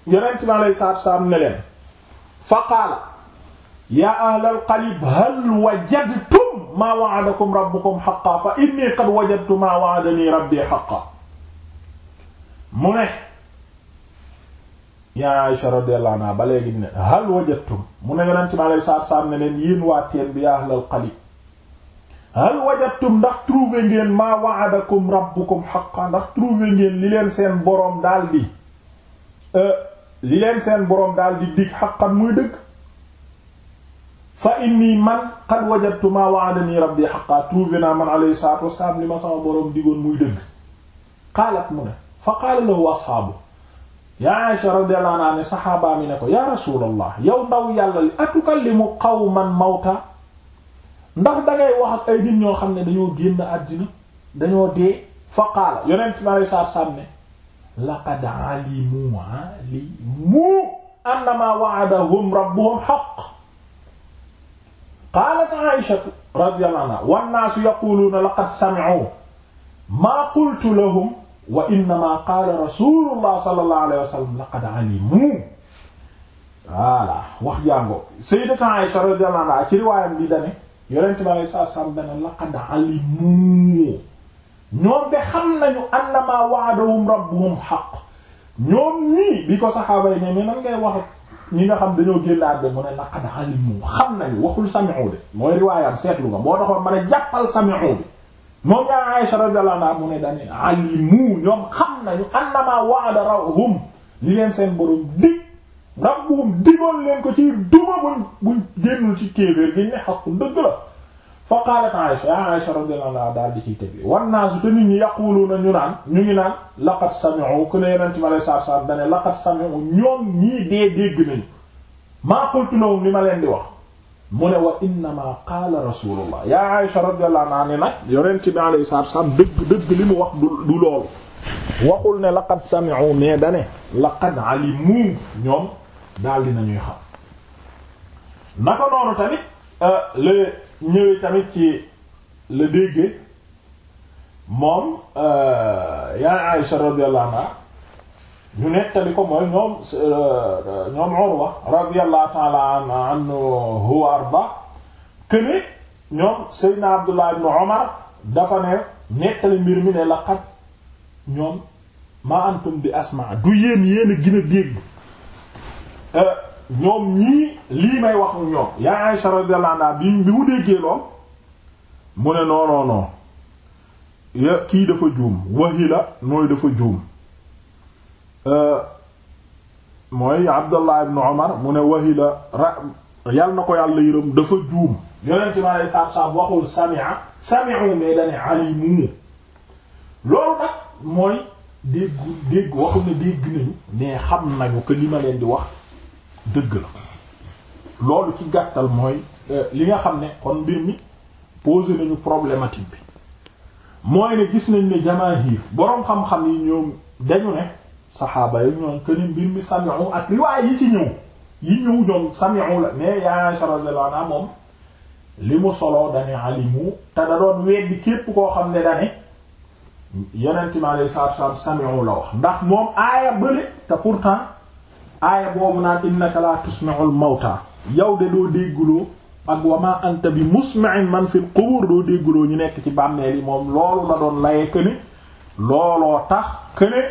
A: yonent bi alayhi salaatu salaam ne leen fa qaala yaa ahlal qalib hal wajadtum maa wa'adakum rabbukum haqqan fa inni qad wajadtu maa wa'adani rabbi haqqan mu ne yaa Aysha radiyallahu anha ba léegi ne hal wajadtum mu ne yonent mi alayhi salaatu salaam ne leen yéen waa teen bi yaa ahlal qalib hal wajadtum ndax trouvé ngeen maa wa'adakum rabbukum haqqan ndax trouvé ngeen li leen seen boroom daal di euh, li leen seen boroom daal di dig haqqan muy dëgg fa inni man qad wajadtu maa wa'adani rabbi haqqan trouvé naa man alayhi salaatu wassalaam li ma sama boroom digoon muy dëgg qaalat mu ne fa qaala lahu ashaabu yaa Aysha radiyallahu anha ne saxaabaa mi ne ko yaa rasuulallah yow ndaw yàlla li atukallimu qawman mawta ndax dangay wax ak ay nit ñoo xam ne dañoo génn àddina dañoo dee fa qaala yonent ma lay saar sànne laqad alimu alimu annama wa'adahum rabbuhum haqq qaalat Aysha radiyallahu anha wan naasu yaquluuna laqad sami'u maa qultu lahum wa innama qaala rasulullah sallallahu alayhi wa sallam laqad alimu voilà wax jàngo sayyidatu Aisha radiyallahu anha ci riwaayam bi dane yonent bi alayhi salaatu salaam dane laqad alimu ñoom de xam nañu annama wa'adahum rabbuhum haqq ñoom nii bi ko saxaaba yi ne mais nan ngay wax ñi nga xam dañoo génn àddina mu ne laqad alimu xam nañu waxul sami'u de mooy riwaayam seetlu nga moo taxoon mën a jàppal sami'u bi moom yaa Aisha radiyallahu anha mu ne dani alimu ñoom xam nañu annama wa'ada rabbuhum li leen seen borom dig rabbuhum digoon leen ko ci duma buñ buñ ci kéeféer gi ne xaqu dëgg la fa qalat Aisha yaa Aisha radiyallahu anha daal di ciy tëgg wan naasu te nit ñi ñu naan ñu ngi naan laqad sami'u ku ne yeneen ci dane laqad sami'u ñoom ñii dee dégg nañu maa qultu lahum li ma leen di wax mu ne wa innama qaala rasulullah yaa Aïsha radiyallahu anha nag yonent bi alayhi salaatu wasallam dëgg dëgg li mu wax du loolu waxul ne laqad sami'u mais dane laqad alimu ñoom daal dinañuy xam naka noonu tamit euh, la ñëwee tamit ci la dégge moom euh, yaa Aïsha radiyallahu anha ñu nekkali ko mooy ñoom euh, ñoom Urwa radiyallahu ta'ala huwa arda këne ñoom Seydina Abdullah ibn Umar dafa ne nettali mbir mi ne laqad ñoom ma antum bi asma du yéen yéen a gën dégg euh, ñoom ñii lii may wax ñoom yaa Aisha radiyallahu anha bi mu déggee lool mu ne non non kii dafa juum waxi nooy dafa juum Euh, mooy Abdallah ibn Omar mu ne wahila ra yàlla na ko yàlla yërëm dafa juum yonent mi aleyhi salaatu salaam waxul sami'a sami'u mais dane alimu loolu nag mooy dégg dégg waxu ne dégg nañu mais xam nañu que li ma leen di wax dëgg la loolu ci gàttal mooy euh, li nga xam ne kon mbir mi nañu problématique bi mooy ne gis nañ ne jamaahir boroom xam-xam yi ñoom dañu ne saxaaba yi ñoom que ni mbir mi sami'u ak riwaay yi ci ñëw yi ñëw ñoom sami'u la mais yaa sharalana moom li mu solo dane alimu te da doon weddi képp koo xam ne dane yonent mi alayhi salaatu wa salaam la wax ndax moom aaya bële te pourtant aaya boobu naan innaka la tusmi'ul yow de doo dégguloo ak wa anta bi musmi'in man fil qubur doo dégguloo ñu nekk ci bàmmeel moom loolu la doon laye këne looloo tax këne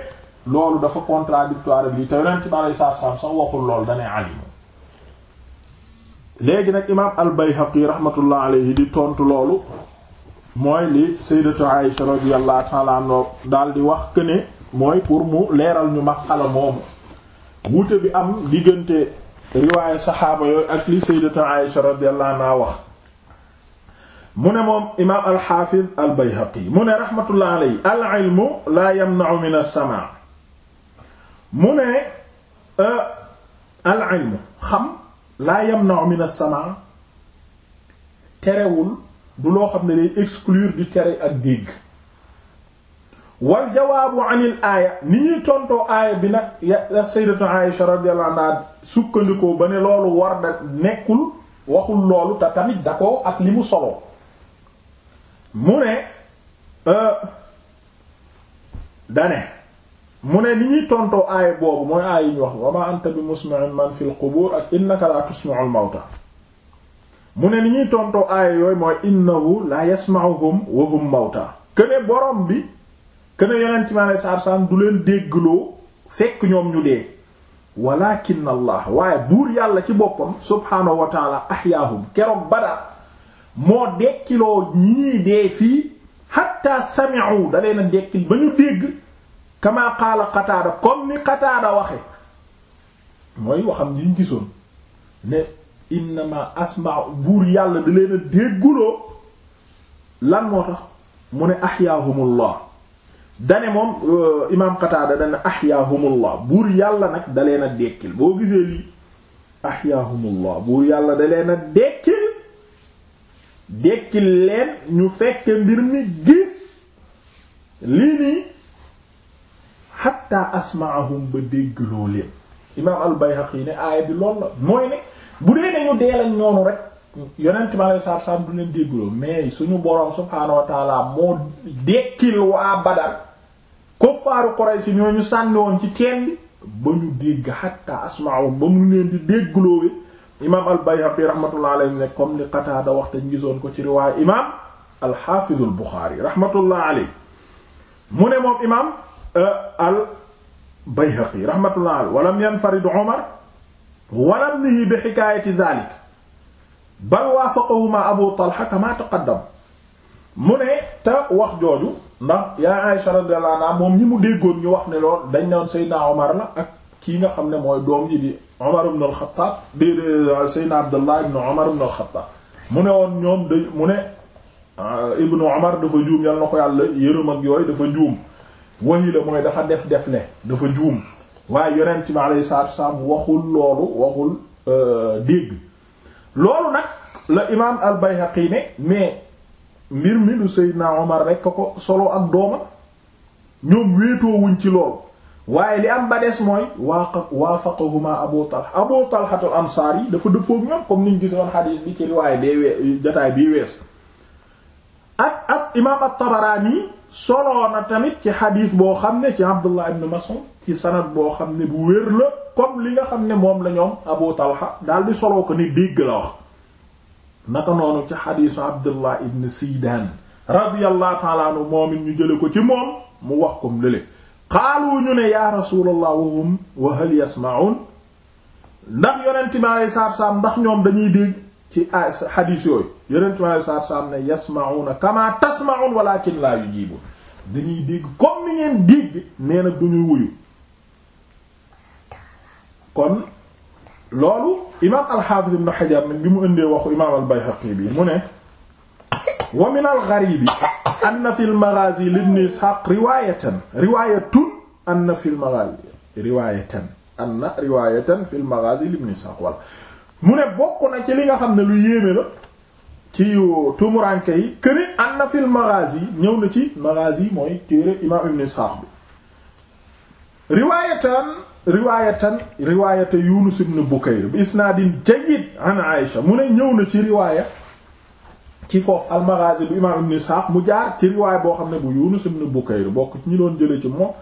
A: loolu dafa contradictoire bi lii te yonent bi aleyhi salaatu salaam sax waxul loolu danee alimu léegi nag imaam al-Bayhaqi rahmatullah aleyhi di tontu loolu mooy li sayyidatu Aïsha radiyallahu ta'ala anha daal di wax que mooy pour mu leeral ñu masala moomu wuute bi am diggante riwaayu saxaaba yooyu ak li sayyidatu Aïsha radiyallahu anha wax mu ne moom imaam al-Hafiz al-Bayhaqi mu ne rahmatullah aleyhi al-ilmu la yamna'u min as-sama' mu ne euh, al ilmu xam laa yamna'u min as-sama' terewul du loo xam ne day exclure du tere ak dégg wal jawaabu anil aaya ni ñuy tontoo aaya bi nag ya sayyidatu Aisha radiyallahu anha sukkandikoo ba ne loolu war da nekkul waxul loolu te tamit da ak li mu solo mu ne euh, dane mu ne ni ñuy tontoo aaya boobu mooy aaya yi ñu wax wa ma anta bi musmi'in man fil ak innaka la tusmi'ul ne ni ñuy tontoo aaya yooyu mooy innahu la yasma'uhum wa hum mawta këne borom bi këne yonent ci maanaam saabsaab du leen déggloo fekk ñoom ñu dee. walakin allah waaye buur yàlla ci boppam subhaanahu wa taala ahyaahum keroog Badar moo dekkiloo ñii dee fii hatta sami'u da leen dekkil ba ñu dégg. kama qaala Qataada comme ni Qataada waxe mooy waxam liñ gisoon ne innama asma buur yàlla da leen a dégguloo lan moo tax mu ne ahyaahumullah dane moom euh, imaam Qataada dane ahyaahumullah buur yàlla nag da leen a boo gisee lii ahyaahumullah buur yàlla da leen a dekkil leen ñu fekke mbir mi gis lii nii xatta asmaahum ba déggloo leen imaam al-Bayhaqi yi ne aaya bi loolu la mooy ne bu dee nañu dee lañ noonu rek yonent mi alei satu du leen déggloo mais suñu boroom subhaanahu wa taala moo dekkil waa Badar kuffaaru Quraysh ñoo ñu sànni woon ci teen ba ñu dégg xatta asmaahum ba mu leen di déggloo bi imaam al-Bayhaqi rahmatullah alayhi ne comme li Qataada wax te ñu ko ci riwaaya imaam al-Haafiz al-Buxaari mu ne moom imaam Euh, al Bayhaqi rahmatullah alayhi walam yanfarid Umar wa ibnihi bi hikaayati dhaalika bal waafaqahumaa Abu Talha kamaa taqaddam mu ne te wax jooju ndax yaa Aysha radiyallahu anha moom ñi mu déggoon ñu wax ne lool dañ ne woon Seydina Omar la ak kii nga xam ne mooy doom ji di Omar ibn al di Seydina Abdullah ibn Omar ibn al mu ne woon ñoom da mu ne ah, Ibn Omar dafa juum yal na ko yàlla yërëm ak yooyu dafa juum. wahi la mooy dafa def def le dafa juum waaye yonent bi alayhi salaatu wasalaam waxul loolu waxul euh, dégg loolu nag la imaam al-Bayhaqi ne mais mbir mi lu Seydina rek ko solo ak doomam ñoom wéetoowuñ ci loolu waaye li am ba des mooy waaqa waafaqahuma Abu Talha Abu Talha al-Ansari yi dafa dëppook ñoom comme niñ gisoon xadiis bi ci riwaaya bee wee jataay bii weesu ak ak imaam at-Tabarani soloo na tamit ci xadiis boo xam ne ci Abdullah ibn Mas'ud ci sanad boo xam ne bu wér la comme li nga xam ne moom la ñoom Abu Talha daal di soloo ko ni dégg la wax naka noonu ci xadiisu Abdullah ibn Sidaan radiyallahu ta'ala anhu moom ñu jële ko ci moom mu wax kom lële xaalu ñu ne yaa rasulallah wahum wa hal yasma'un ndax yonent bi alayhi ndax ñoom dañuy dégg ci xadiis yooyu yonentu Yàlla saa saa am ne yasma'una kama tasma'un walakin la yujibu dañuy dégg comme ni ngeen dégg nee du ñu wuyu kon loolu imaam al-Hafiz ibn Hajar nag bi mu indee waxu imaam al-Bayhaqi bi mu ne wa min al-gharibi anna fi al-maghazi li ibn Ishaq riwayatan riwayatun anna fi fi al ibn Ishaq wala mu ne bokk na ci li nga xam ne lu yéeme la kiyu tumuranke yi këni an na ñëw na ci maghazi mooy téere imaam ibn Ishaq bi riwaayatan riwaayatan riwaayata Yunus ibn Bukayr bi isnaadin jayyid an Aisha mu ne ñëw na ci riwaaya ci foofu al maghazi bu imaam ibn Ishaq mu jaar ci riwaaya boo xam ne bu Yunus ibn Bukayr bokk ci ñi doon jële ci moom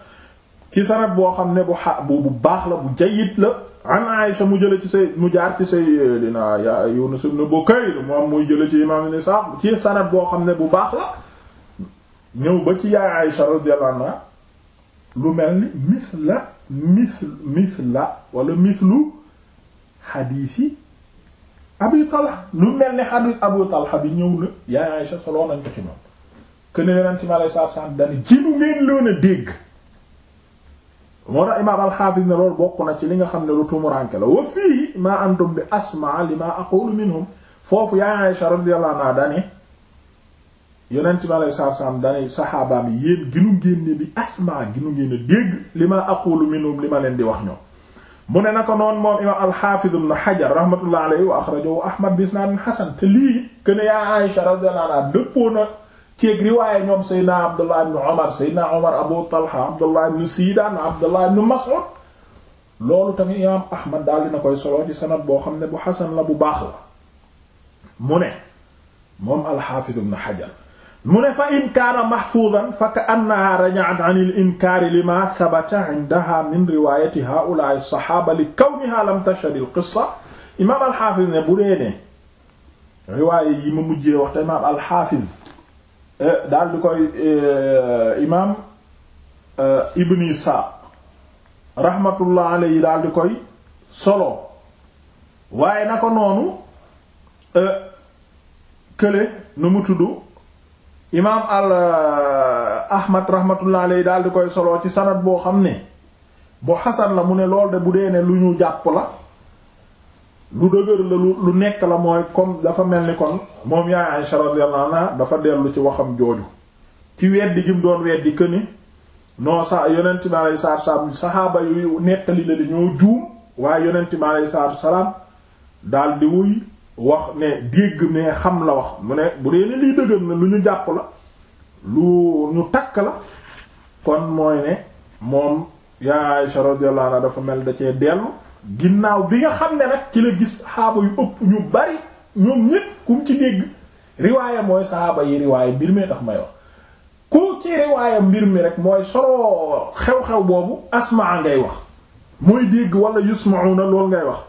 A: ci sanad boo xam ne bu xa bu baax la bu jayyid la an Aisha mu jële ci say mu jaar ci Sayyidina Yunus ibn Bukayr moom muy jële ci imam Ibn Ishaq ci sanad boo xam ne bu baax la ñëw ba ci yaay Aisha radiyallahu anha lu mel ni misla misl misla wala mislu xadiisi Abi Talha lu mel ni xadiis Abu Talha bi ñëw na yaay Aisha solo nañ ko ci moom kenn yeneen ci ma lay saar ngeen loon dégg moo tax imaam alxaafis ne loolu bokk na ci li nga xam ne lu tumuranke la wa fii maa antum bi asmaa li ma aqulu minhum foofu yaa Aysha radiyallahu anha dane yonent bi alayhi salaatu salaam saxaabaam yéen ginu ngeen ne bi asmaa ginu ngeen ne dégg li ma aqulu minhum li ma leen di wax ñoom mu ne naka noonu moom imaam alxaafis ibn Hajar rahmatullahi wa axrajahu Ahmad bi isnaadin te lii que yaa Aysha radiyallahu anha ceeg riwaaye ñoom Seydina Abdullah ibn Omar Seydina Omar Abu Talha Abdullah ibn Siidaan Abdullah ibn Mas'ud loolu tamit imaam Ahmad daal dina koy solo ci sanad boo xam ne bu xasan la bu baax la mu ne moom al-Haafid ibn Hajar mu ne fa in kaana mahfuuzan fa ka'annahaa raja'at 'an al-inkaar limaa thabata 'indahaa min riwaayati haa'ulaa'i as-sahaaba li kawnihaa lam tashhad al-qissa imaam al-Haafid ne bu dee ne riwaaye yi ma mujjee wax te imaam al-Haafid Eh, daal di koy eh, imaam eh, ibn Isaaq rahmatullah yi daal di koy solo waaye na ko noonu kële nu mu tudd imaam al ahmad rahmatullah alayhi daal di koy solo ci sanad boo xam ne boo xasan la mu ne lool de bu dee ne lu ñu jàpp la lu dëgër la lu lu nekk la mooy comme dafa mel ni kon moom yaay Aïsha radiyallahu anha dafa dellu ci waxam jooju ci weddi gi mu doon weddi que ni non sa yonent bi sa salaatu salaam saxaaba yu nettali la dañoo juum waaye yonent bi aleyhi salaatu salaam daal di wuy wax ne dégg ne xam la wax mu ne bu dee ne liy dëgër na lu ñu jàpp la lu ñu takk la kon mooy ne moom yaay Aïsha radiyallahu anha dafa mel da cee dellu. ginnaaw bi nga xam ne nag ci la gis saxaaba yu ëpp ñu bari ñoom ñépp ku mu ci dégg riwaaya mooy saxaaba yi riwaaya mbir mee tax may wax ku ci riwaaya mbir mi rek mooy solo xew-xew boobu asmaa ngay wax mooy dégg wala na lool ngay wax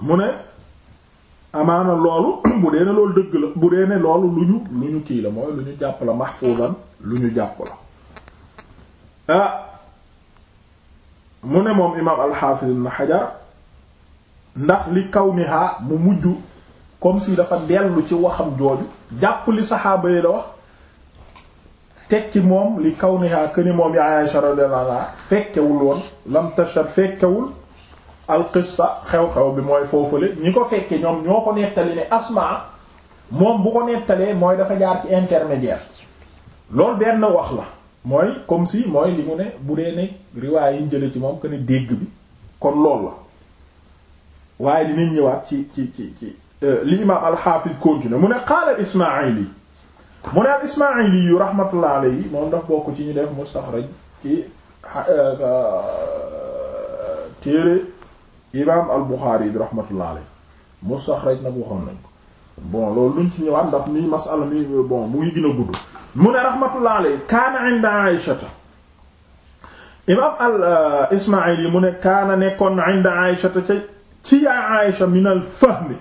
A: mu ne amaana loolu bu dee ne loolu dëgg la bu dee ne loolu lu ñu lu ñu kii la mooy lu ñu jàpp la mahfuzan lu ñu jàpp la ah, mu ne moom imaam alxaafis ibn xajar ndax li kaw ni haa mu mujj comme si dafa dellu ci waxam jooju jàpp li saxaaba yi la wax teg ci moom li kaw ni haa këni moom yaa Aysa radiyallahu anha fekkewul woon lam tashar fekkewul al qissa xew-xew bi mooy foofule ñi ko fekke ñoom ñoo ko nettali ne asmaa moom bu ko nettalee mooy dafa jaar ci intermédiaire loolu benn wax la mooy comme si mooy li mu ne bu dee ne riwaay yi ñu jëlee ci moom que ne dégg bi kon lool la waaye dinañ ñëwaat ci ci ci ci euh, li imaam alxaafis continue mu ne qaala ismaili mu ne al ismaili yu rahmatullah alayhi moom daf bokk ci ñu def mustaxraj ci euh, téere imaam al buxaari bi rahmatullah alayhi mustaxraj nag waxoon nañ ko bon loolu luñ ci ñëwaat ndax ni masala mi bon mu ngi gën a gudd mu ne rahmatullah alayhi kaana inda aïshata imam al euh, ismail yi mu ne kaana nekkoon inda aïshata ca ci yaa aïsha min al fahmi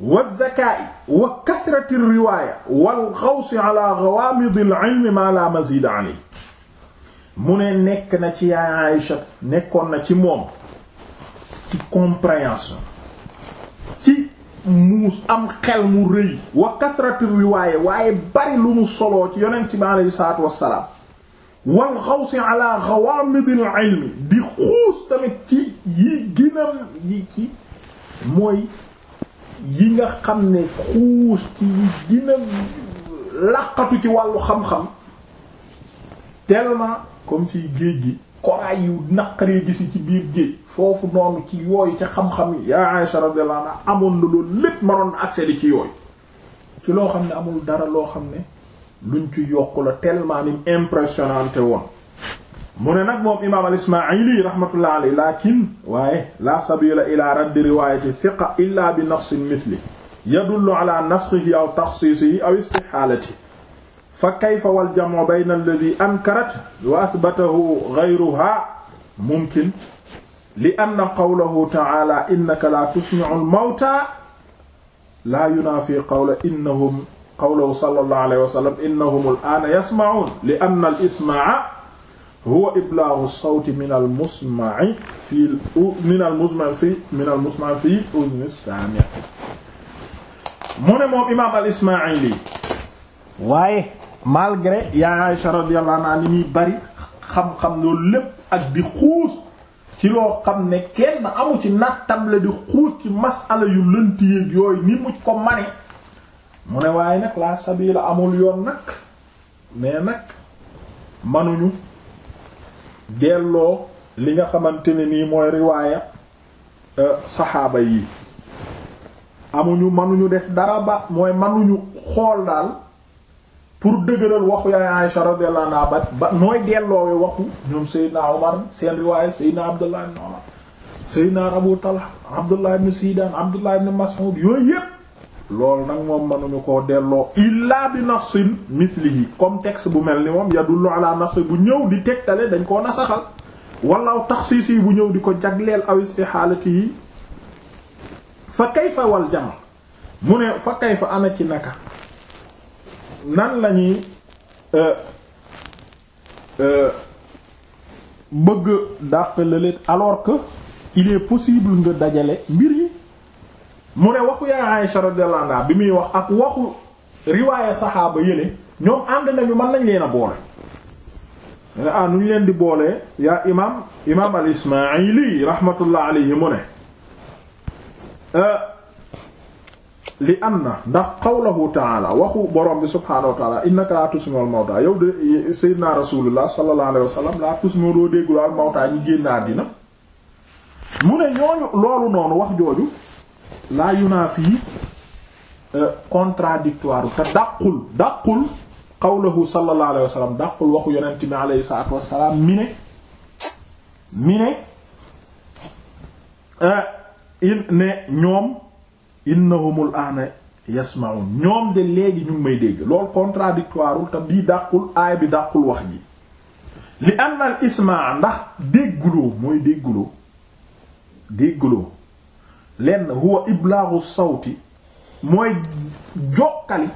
A: wa dhakaa'i wa kasrati riwaaya wal xawsi ala gawaamidi al ilmi ma la maziida alayhi mu ne nekk na ci yaa aïsha nekkoon na ci moom ci compréhension muus am xel mu rëy wa kasratu riwaaye waaye bari lu mu soloo ci yonent bi aleyhi salaatu wassalaam wal xawsi ala xawaamidil ilmi di xuus tamit ci yi ginam yi ci mooy yi nga xam ne xuus ci yi ginam laqatu ci wàllu xam-xam tellement comme ci géej gi xoraay yu naqaree gis ci biir géej foofu noonu ci yooyu ci xam-xam ya yaa Aisha radiyallahu amoon na loolu lépp mënoon accéder ci yooyu ci loo xam ne amul dara loo xam ne luñ ci yokku la tellement ni impressionnante woon mu ne nag moom imaam al ismaili rahmatullah alayhi lakin waaye la sabila ila raddi riwayati thiqa illa bi nafsin mithli yadullu ala nasxihi aw taxsiisihi aw istixaalati fa kayfa wal jamu bayna alladhi ankarat wa athbatahu ghayruha mumkin li anna qawlahu ta'ala innaka la tusmi'u al-mawta la yunafi qawla innahum qawlahu sallallahu alayhi wa sallam innahum al-ana yasma'un li anna al-isma'a huwa iblaghu as-sawti min al-musma'i fi min al-musma'i fi min al-musma'i fi udhni as-sami' mu ne moom imaam al-Isma'ili waaye malgré yaa Aïcha radiyallahu anha ni muy bari xam-xam loolu lépp ak di xuus ci loo xam ne kenn amu ci nattable di xuus ci masala yu lënt yéeg yooyu ni mu ko mane mu ne waaye nag laa sabila amul yoon nag mais nag manuñu delloo li nga xamante ne nii mooy euh, saxaaba yi amuñu manuñu def dara ba mooy manuñu xool daal pour dëgëral waxu yaay Aisha radiyallahu anha ba ba nooy delloowe waxu ñoom Seydina Omar seen riwaaye Seydina Abdullah ibn Omar Seydina Abu Talha Abdullah ibn Abdullah bu mel ni moom yadullu ala bu ñëw di tegtale dañ koo nasaxal wala taxsiisi bu ñëw di ko jagleel aw istihaalatihi fa kayfa wal jam mu ne fa kayfa ana ci naka nan la ñuy euh, euh, bëgg dàq lële alors que il est possible nga dajale mbir yi mu ne waxu yaay Aisha radiyallahu anha bi muy wax ak waxu riwaaya saxaaba yële ñoom ànd nañu mën nañ leen a boole. ne ah nu ñu leen di boole yaa imaam imaam al Ismaayili rahmatullah alayhi mu ne. Euh, li am na ndax qawluhu ta'ala waxu borom bi subhaanahu wa ta'ala innaka laa tusmi'ul mawtaa yow de sayyidina rasulullah sallallahu alayhi wa sallam laa tusmi'u doo dégg al mawtaa ñu génn àddina mu ne ñooñu loolu noonu wax jooju laa yunaafi euh, contradictoire te dàqul dàqul qawluhu sallallahu alayhi dàqul waxu yonent bi alayhi salaatu wa mi ne mi ne euh, ne ñoom innahumul aana yasmaun ñoom de léegi ñu ngi may dégg loolu contradictoire te bii dàqul aay bi dàqul wax ji li anna al ismaa ndax dégguloo mooy dégguloo dégguloo lenn huwa iblaaru sawti mooy jokkali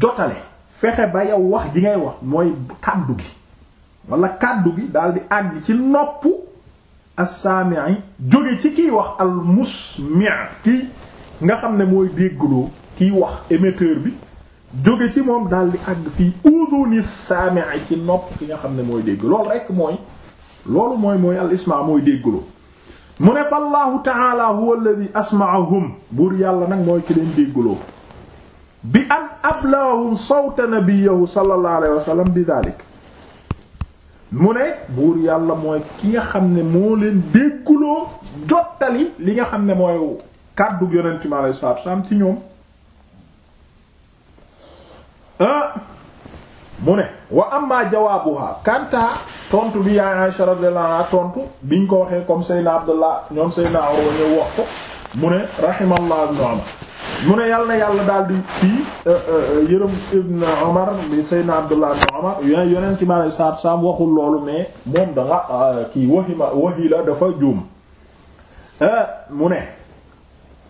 A: jotale fexe ba yow wax ji ngay wax mooy kàddu gi wala kàddu gi daal di àgg ci noppu as-saami'i jóge ci kiy wax al musmi' ki nga xam ne mooy déggloo kiy wax émetteur bi jóge ci moom daal di àgg fii uduni saami'i ci nopp ki nga xam ne mooy dégg loolu rek mooy loolu mooy mooy al mooy déggloo mu ne fa allahu taala huwa alladhi asma'ahum buur yàlla nag mooy ki leen bi an aflaahum sawta nabiyahu sallallahu alayhi wa sallam bi dalik mu ne buur yàlla mooy ki nga xam ne moo leen déggloo jottali li nga xam ne mooy kàddu du mi alayhi salaatu salaam ci ñoom ah mu ne wa amma jawaabuha kanta tontu bi yaay Aisha radiyallahu anha tontu biñ ko waxee comme Seydina Abdullah ñoom Seydina Urwa ñëw mu ne rahimallah ibn yàlla na yàlla daal di kii eh, eh, yërëm ibn Umar bi Seydina Abdullah ibn Umar yonent mi alayhi salaatu salaam waxul loolu mais moom da nga ah, kii wahima wahila dafa juum eh, mu ne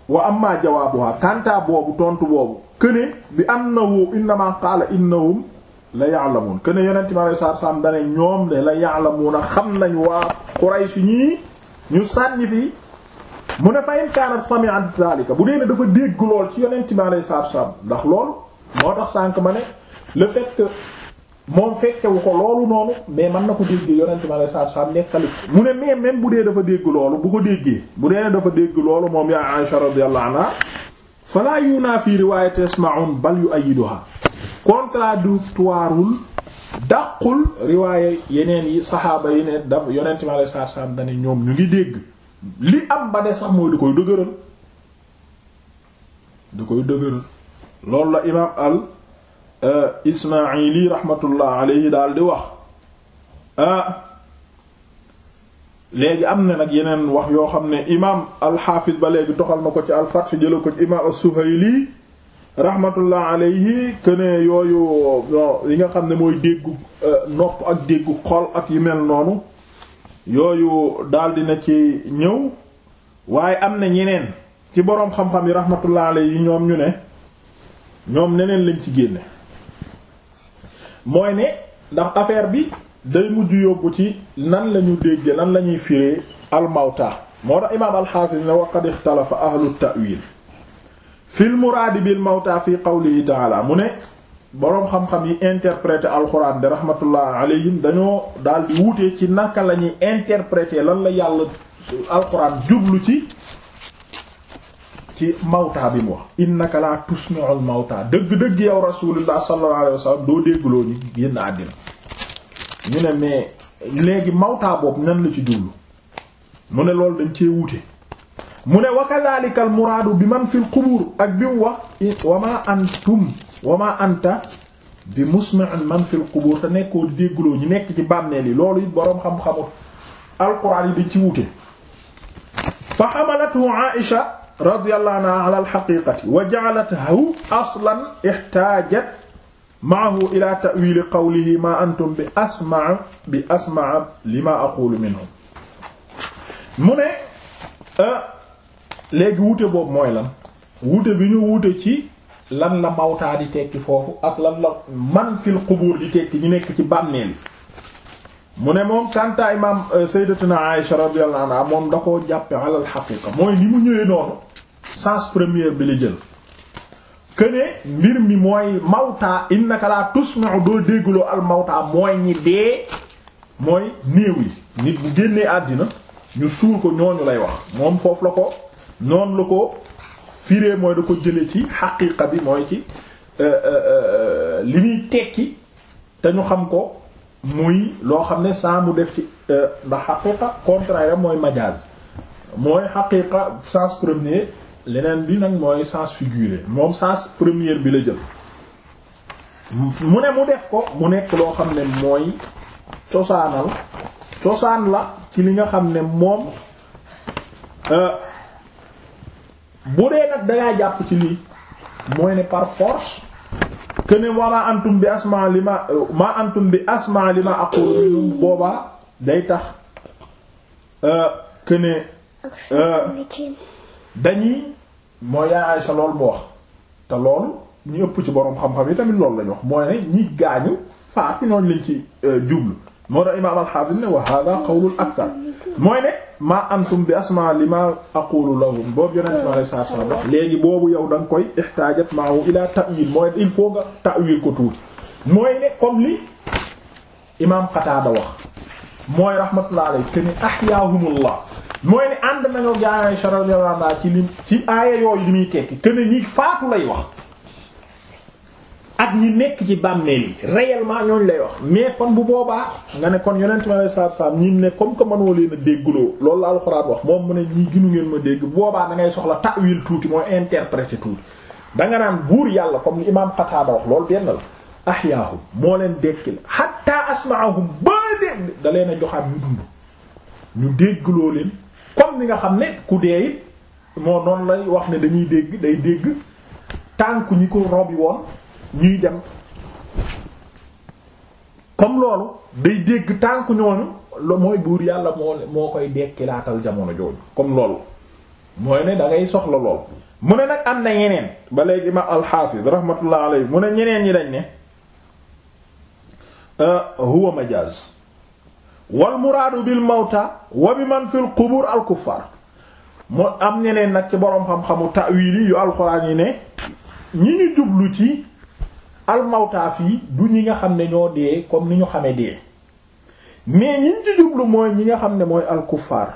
A: waa wa amma jawaabuha kanta boobu tontu boobu këne bi annahu innama qaala innahum la ya'lamun këne yonent bi alei satu salaam dane ñoom de la ya'lamuna xam nañ waa Quraysh ñii ñu sànni fii mu ne fa in kaanat sami'at bu dee ne dafa dégg lool ci yonent bi alei satu salaam ndax lool moo tax sànq ma ne le fait moom fekkewu ko loolu noonu mais mën na ko dégg yonent bi alayhi salaatu salaam mu ne mais même bu dee dafa dégg loolu bu ko déggee bu dee dafa dégg loolu moom yaa Aisha radiyallahu anha fala yunaafi riwaayat yasma'un bal yu'ayyiduha contradictoireul dàqul riwaaye yeneen yi saxaaba yi ne daf yonent bi alayhi salaatu salaam dane ñoom ñu ngi dégg li am ba de sax mooy lu koy dëgëral du koy dëgëral loolu la imaam al Euh, Ismaayili rahmatullah alayhi daal di wax ah, léegi am na nag yeneen wax yoo xam ne imaam alxaafis ba léegi toxal na ko ci alfath jëla ko ci imaam as-Suhayli rahmatullah alayhi këne yooyu yi nga xam ne mooy déggu euh, nopp ak déggu xol ak yi mel noonu yooyu daldi na ci ñëw waaye am na ñeneen ci boroom xam-xam yi rahmatullah yi ñoom ñu ne ñoom neneen lañ ci génne mooy ne ndax affaire bi day mujj yóbbu ci nan la ñu dégge nan la ñuy firee almawta moo tax imaam alxaafis ne waqad ixtalafa ahlu ta'wil fil muraadi bil mawta fi qawlihi taala mu ne boroom xam-xam yi interpréter alxuraan de rahmatullah alayhim dañoo daal di wuute ci naka la ñuy interpréter lan la yàlla alxuraan jublu ci ci mawtaa bi mu wax innaka laa tusmi'ul mawtaa dëgg-dëgg yow rasulullah sallallahu alayhi wasallam doo déggloo ni génn àddina ñu ne mais léegi mawtaa boobu nan la ci jublu mu ne loolu dañ cee wuute mu ne wa muraadu bi man fi qubur ak bi wa ma antum anta bi musmi'in man fil qubur te nekkoo déggloo ñu nekk ci bàmmeel yi loolu boroom xam-xamut alquran yi dañ ci wuute fa hamalatu Aisha radiyallahu anha ala alxaqiqati wa ja'alathu aslan ihtaajat maahu ila ta'wili qawlihi ma antum bi asmaa bi asmaa lima aqulu minhum mu ne ah, léegi wuute boobu mooy lan wuute bi ñu wuute ci lan la mawtaa di tekki foofu ak lan la man fil qubuur di tekki ñu nekk ci bàmmeel mu ne moom kanta imam eh, sayyidatuna Aisha radiyallahu anha moom da koo jàppe alal xaqiqa mooy ni mu ñëwee noonu sens première bi la jël këne mbir mi mooy mawtaa naka laa tusma'u doo déggloo al mawtaa mooy ñi dee mooy néew yi nit bu génnee àddina ñu suul ko ñooñu lay wax moom foofu la ko noonu la ko firee mooy da ko jële ci xaqiiqa bi mooy ci euh, euh, euh, li muy tekki te ñu xam ko muy loo xam ne saa mu def ci ndax xaqiiqa contraire mooy majaaz mooy xaqiiqa sens premier leneen bi nag mooy sens figuré moom sens première bi la jël mu ne mu def ko mu nekk loo xam ne mooy cosaanal cosaan la ci li nga xam ne moom euh, bu dee nag dangaa jàpp ci lii mooy ne par force que ne wama antum bi asma li ma ma antum bi asma li ma aqul minum boobaa day tax euh, que euh, dañuy mooy yaay Aysa loolu mu wax te loolu ñu ëpp ci boroom xam-xam yi tamit loolu lañu wax mooy ne ñi gaañu faatu ñooñu lañ ci euh, jublu moo tax imaam al-Hafiz ne wa hada qawlul akthar mooy ne ma antum bi asma li ma aqulu lahum boobu yonent ma lay saa saa wax léegi boobu yow da nga koy ihtajat ma'u ila ta'wil mooy il faut nga ta'wil ko tuuti mooy ne comme li imaam Qatada wax mooy rahmatullahi alayhi keni ahyahumullah mooy ne ànd nañoo jaay saralala ci lim ci aaya yooyu li muy tekki que ne ñi faatu lay wax at ñi nekk ci bàmmeel yi réellement ñooñu lay wax mais kon bu boobaa nga ne kon yonent mi alayhi salaatu salaam ñi ne comme que mënoo leen a déggloo loolu la alxuraan wax moom mu ne ñii ginu ngeen ma dégg bu boobaa da ngay soxla ta'wil tuuti mooy interpréter tuuti danga naan buur yàlla comme li imaam Qataada wax loolu benn la ahyaahum moo leen dekkil hatta asma'ahum ba dégg da leen a joxaat ñu dund ñu déggloo leen comme ni nga xam ne ku dee it moo noonu lay wax ne dañuy dégg day dégg tànk ñi ko robi woon ñuy dem comme loolu day dégg tànk ñooñu mooy buur yàlla moo moo koy dekkilaatal jamono jooju comme loolu mooy ne dangay ngay soxla lool mu ne nag am na ñeneen ba léegi imaam alxaafis rahmatullah alayhi mu ne ñeneen ñi dañ ne euh, huwa majaaz wal muraadu bil mawta wa bi man fil qubur al kuffar am ñeneen nag ci boroom xam-xamu ta'wili yu alxuraan yi ne ñi ñu jublu ci al yi du ñi nga xam ne ñoo dee comme ni ñu xame dee mais ñi ñu jublu mooy ñi nga xam ne mooy al kuffar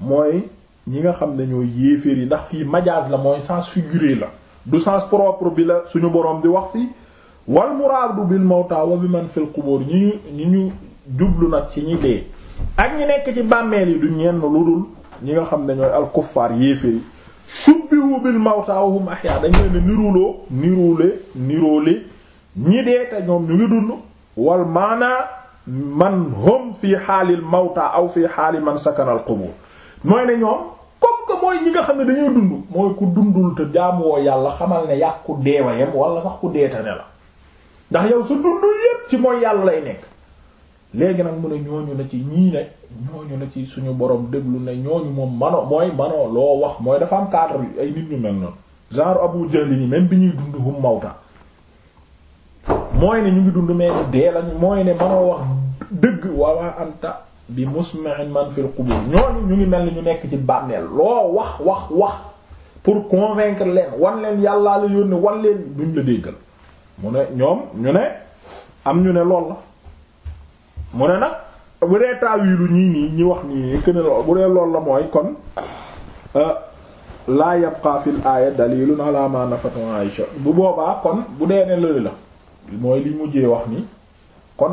A: mooy ñi nga xam ne ñooy yéeféer yi ndax fii majaas la mooy sens figuré la du sens propre bi la suñu boroom bi wax fii wal muraadu bil mawta wa bi man fil qubur ñi ñu ñi ñu jublu nag ci ñi dee ak ñi nekk ci bàmmeel yi du ñenn lu dul ñi nga xam ne ñooy alkuffaar yéeféer subbihu bil mawta wa hum ahya dañ leen niruloo nirule niroole ñi dee ñoom ñu ngi dund wal maana man hum fii xaalil mawta aw fii xaali man sakana al mooy ne ñoom comme que mooy ñi nga xam ne dañoo dund mooy ku dundul te jaamuwoo yàlla xamal ne yàq ku deewayam wala sax ku deetane la ndax yow su dundul yépp ci mooy yàlla lay nekk léegi nag mu ne ñooñu na ci ñii ne ñooñu na ci suñu borom déglu ne ñooñu moom mano mooy manoo loo wax mooy dafa am cadre ay nit ñu mel noonu genre bi ñuy dund hum mawta mooy ne ñu ngi dund dëgg wala bi musmi'in man fil qubur ñu ngi mel ni ñu nekk ci bànneel loo wax wax wax pour convaincre leen wan leen yàllaa la yónni wan leen duñ la déggal mu ne ñoom ñu ne am ñu ne lool la mu ne nag bu dee taawilu ñii nii ñi wax nii que ne bu dee loolu la mooy kon euh, laa yabqa fil aaya dalilun ala ma nafatu Aisha bu boobaa kon bu dee ne loolu la mooy li mujjee wax nii kon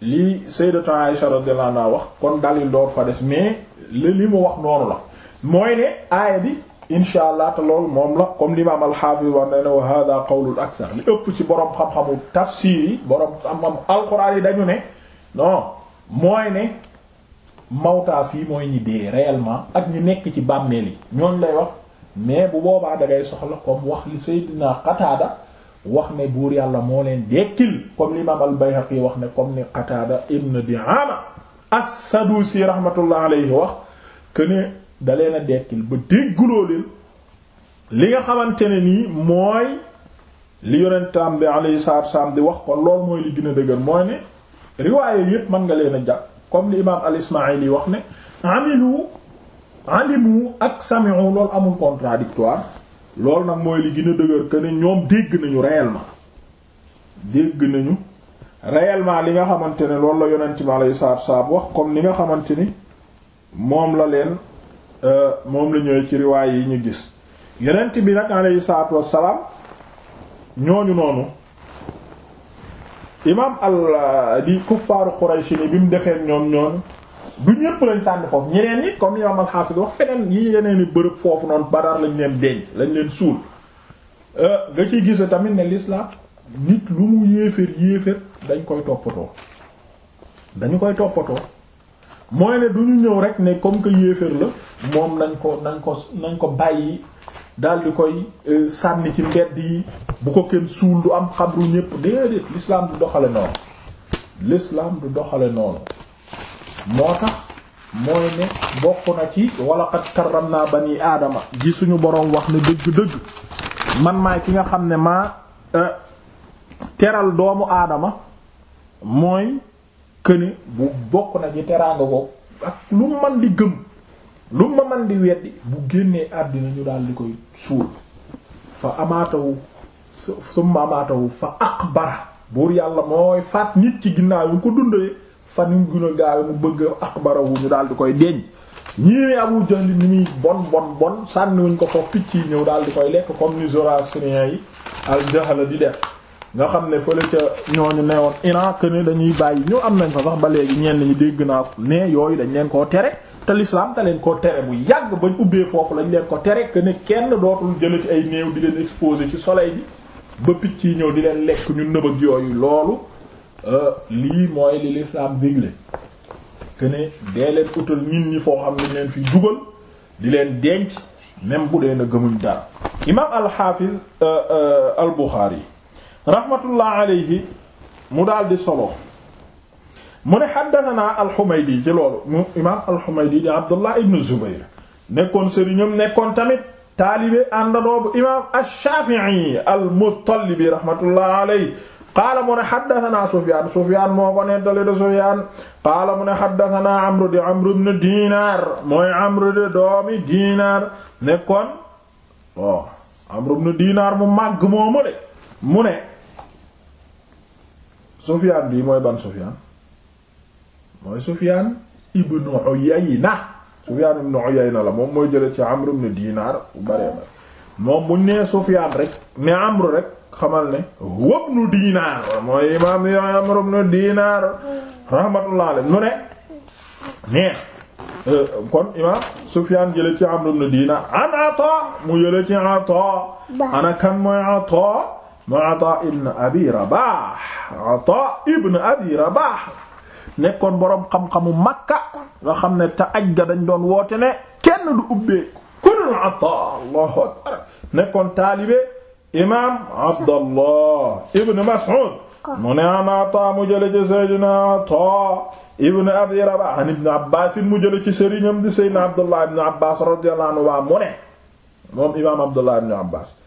A: li sayyidatu Aisha radiyallahu anha wax kon dalil door fa des mais li mu wax noonu la mooy ne aaya bi insha allah te moom la comme l'imam al-Hafiz wax ne ne wa hada qawlul akthar li ëpp ci borom xam-xamu tafsir borom xam-xamu alquran yi dañu ne. non mooy ne mawtaa fii mooy ñi dee réellement ak ñi nekk ci bàmmeel yi ñooñ lay wax mais bu boobaa da ngay soxla comme wax li Seydina Qataada wax ne buur yàlla moo leen dekkil comme l'imam al-Bayhaqi wax ne comme ni Qataada ibn Di'aama as si rahmatullah alayhi wax que ne da dekkil ba dégguloo leen li nga xamante ne nii mooy li yonentam bi alayhi salaatu wa salaam di wax ko lool mooy li gën dëgër mooy ne riwaaye yépp mën nga leen a jàpp comme li imaam al ismaili yi wax ne amilu alimu ak sami'u loolu amul contradictoire loolu nag mooy li gën a dëgër que ne ñoom dégg nañu réellement dégg nañu réellement li nga xamante ne loolu la yonent bi alayhi salaatu salaam wax comme ni nga xamante ni moom la leen euh, moom la ñëwee ci riwaay yi ñu gis yonent bi nag alayhi salaatu wassalaam ñooñu noonu imaam al euh, di kuffaaru Quraysh ni bi mu defee ñoom ñoom du ñëpp lañ sànni foofu ñeneen ñi comme imaam al wax feneen yi yeneen i bërëb foofu noonu Badar lañ leen denc lañu leen suul euh, nga ci gisa tamit ne lisla nit lu mu yéeféer yéeféer dañ koy toppatoo dañu koy toppatoo mooy ne du ñu ñëw rek ne comme que yéeféer la moom nañ ko nañ ko nañ ko bàyyi daal koy euh, sànni ci mbedd yi bu ko kenn suul du am xabru ñépp déedéet l'islam du doxale noonu l'islam du doxale noonu moo tax mooy ne bokk na ci wala qad karramna bani aadama ji suñu boroom wax ne dëgg-dëgg man maay ki nga xam ne ma euh, teral doomu aadama mooy këni bu bokk na ci teraanga ko ak lu man di gëm lu ma man di weddi bu génnee àddina ñu daal di koy suul fa amaata wu summa wu fa aqbara buur yàlla mooy faat nit ci ginnaaw yu ko dundalee fan yu gën a mu bëgg aqbarawu ñu daal di koy denc ñii Abu Jahl ni muy bon bon bon sànniwuñ ko ko picc yi ñëw daal di koy lekk comme ni zoroastriens yi al jahl di def nga xam ne fële ca ñooñu newoon Irak ne dañuy bàyyi ñu am nañ fa sax ba léegi ñeen ñi dégg naa ne yooyu dañ leen koo tere te l'islam da leen koo tere bu yàgg bañ ubbee foofu lañ leen ko tere que ne kenn dootul jële ci ay néew di leen exposé ci soleil bi ba picc yi ñëw di leen lekk ñu nëbëg yooyu loolu euh, lii mooy li l'islam digle que ne dee leen utal nit ñi foo am ne leen fi jugal di leen denc même bu dee na gëmuñ dara. imaam al-Hafiz euh, euh, al-Bukhari. rahmatullah alayhi mu daal di solo mu ne xaddatanaa alxumaydi ci loolu imaam alxumaydi di abdullah ibn zubayr nekkoon sëriñam nekkoon tamit taalibe àndandoo bu imaam alshafii almuttalibi rahmatullah alayhi qaala mu ne xaddatanaa sufyaan sufyaan moo ko nettali de sufyaan qaala mu ne xaddatanaa amru di amru ibn diinaar mooy amru de oh, mu màgg de mu ne Sufyaan bii mooy ban Sufyaan mooy Sufyaan ibn Uyayna Sufyaan ibn Uyayna la moom mooy jële ci Amr Dinaar bu baree ba moom buñ nee Sufyaan rek ne Amr rek xamal ne huwa ibn Dinaar mooy imaam Amr ibn Dinaar rahmatullah alayhi nu ne nee euh, kon imaam Sufyaan jële ci Amr Dinaar an mu jële ci mooy Ataa moo Ataa ibn Abi Rabaax Ataa ibn Abi Rabaax nekkoon boroom xam-xamu Makka nga xam ne te aj ga dañ doon woote ne kenn du ubbee kul Ataa Allahu akbar nekkoon taalibe imaam Abdallah ibn Mas'ud mu ne an Ataa mu jële ci Seydina Ataa ibn Abi Rabaax an ibn Abbaas mu jële ci sëriñam di Seydina Abdullah ibn Abbaas radiyallahu anhu mu ne moom imaam Abdullah ibn Abbaas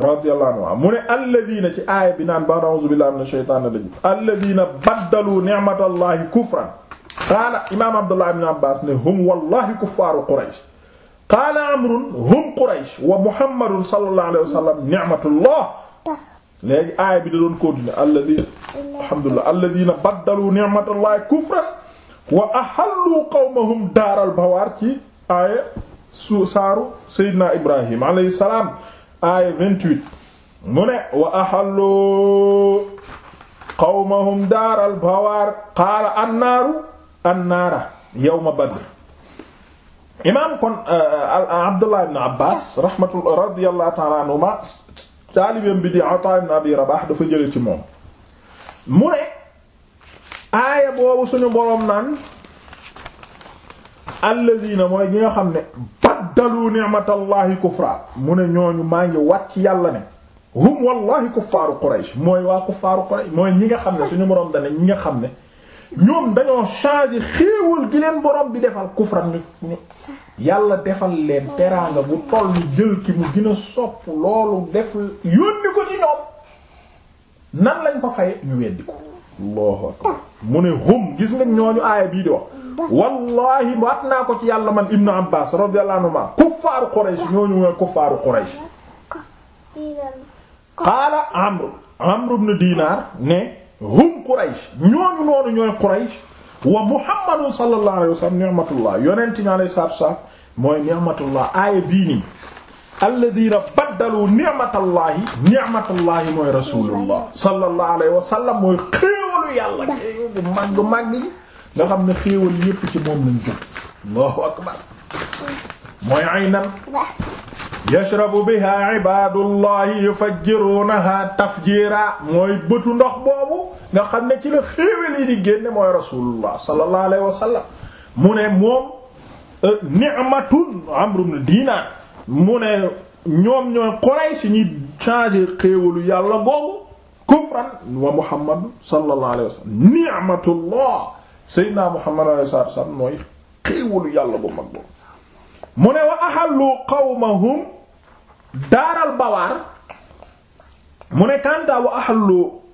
A: radiyallahu anhu mu ne alladina ci aaya bi naan ba a'uuzu billahi minash shaytaanir rajiim alladina baddalu ni'matallahi kufran qaala imaam abdullah ibn abbas ne hum wallahi kuffaaru quraysh qaala amrun hum quraysh wa muhammadun sallallahu alayhi wa sallam ni'matullah léegi aaya bi da doon continuer alladina alhamdulillah alladina baddalu ni'matallahi kufran wa ahallu qawmahum daaral bawaar ci aaya su saaru sayyidina ibrahim alayhi salaam aaya 28 mu ne wa ahallu qawmahum daaral bawaar qaala annaaru annaara yawma badr imaam kon euh, abdullah ibn abbas rahmatu radiyallahu ta'ala anhuma taalibeem bi di ata ibn abi rabah dafa jële ci moom mu ne aaya boobu suñu boroom naan alladina mooy ñi nga xam ne baddalu ni'matallahi kufra mu ne ñooñu maa ngi wat ci yàlla ne hum wallahi kuffaaru Quraysh mooy waa kuffaaru Quraysh mooy ñi nga xam ne suñu borom dane ñi nga xam ne ñoom dañoo changer xéewal gi leen borom bi defal kufran ñu yàlla defal leen teraanga bu toll ni jël ki mu gën a sopp loolu def yónni ko ci ñoom nan lañ ko faye ñu weddi ko allahu akbar mu ne hum gis nga ñooñu aaya bii di wax wallahi waat naa ko ci yàlla man ibnu abbas radiyallahu anhuma kuffaaru quraysh ñooñu mooy kuffaaru quraysh qaala amr amr ibn dinar ne hum quraysh ñooñu noonu ñooy quraysh wa muhammadu sallallahu alayhi wa sallam ni'matullah yonent mi alayhi salaatu wa salaam mooy ni'matullah aaya bii nii alladhina baddalu ni'matallahi ni'matallahi mooy rasulullah sallallahu alayhi wa sallam mooy xéewalu yàlla bu mag mag nga xam ne xéewal yépp ci moom lañ jóg allahu akbar mooy aynan yashrabu biha ibadullahi yufajjirunaha tafjira mooy bëtu ndox boobu nga xam ne ci la xéewal yi di génne mooy rasulullah sallallahu alayhi wa sallam mu ne moom euh, ni'matun amru ibn dinar mu ne ñoom ñooy Quraysh ñi changer xéewalu yàlla googu kufran wa muhammad sallallahu alayhi wa sallam ni'matullah Seydina Muhammad alayhi salaatu wasallam mooy xéewalu yàlla bu mag mu ne wa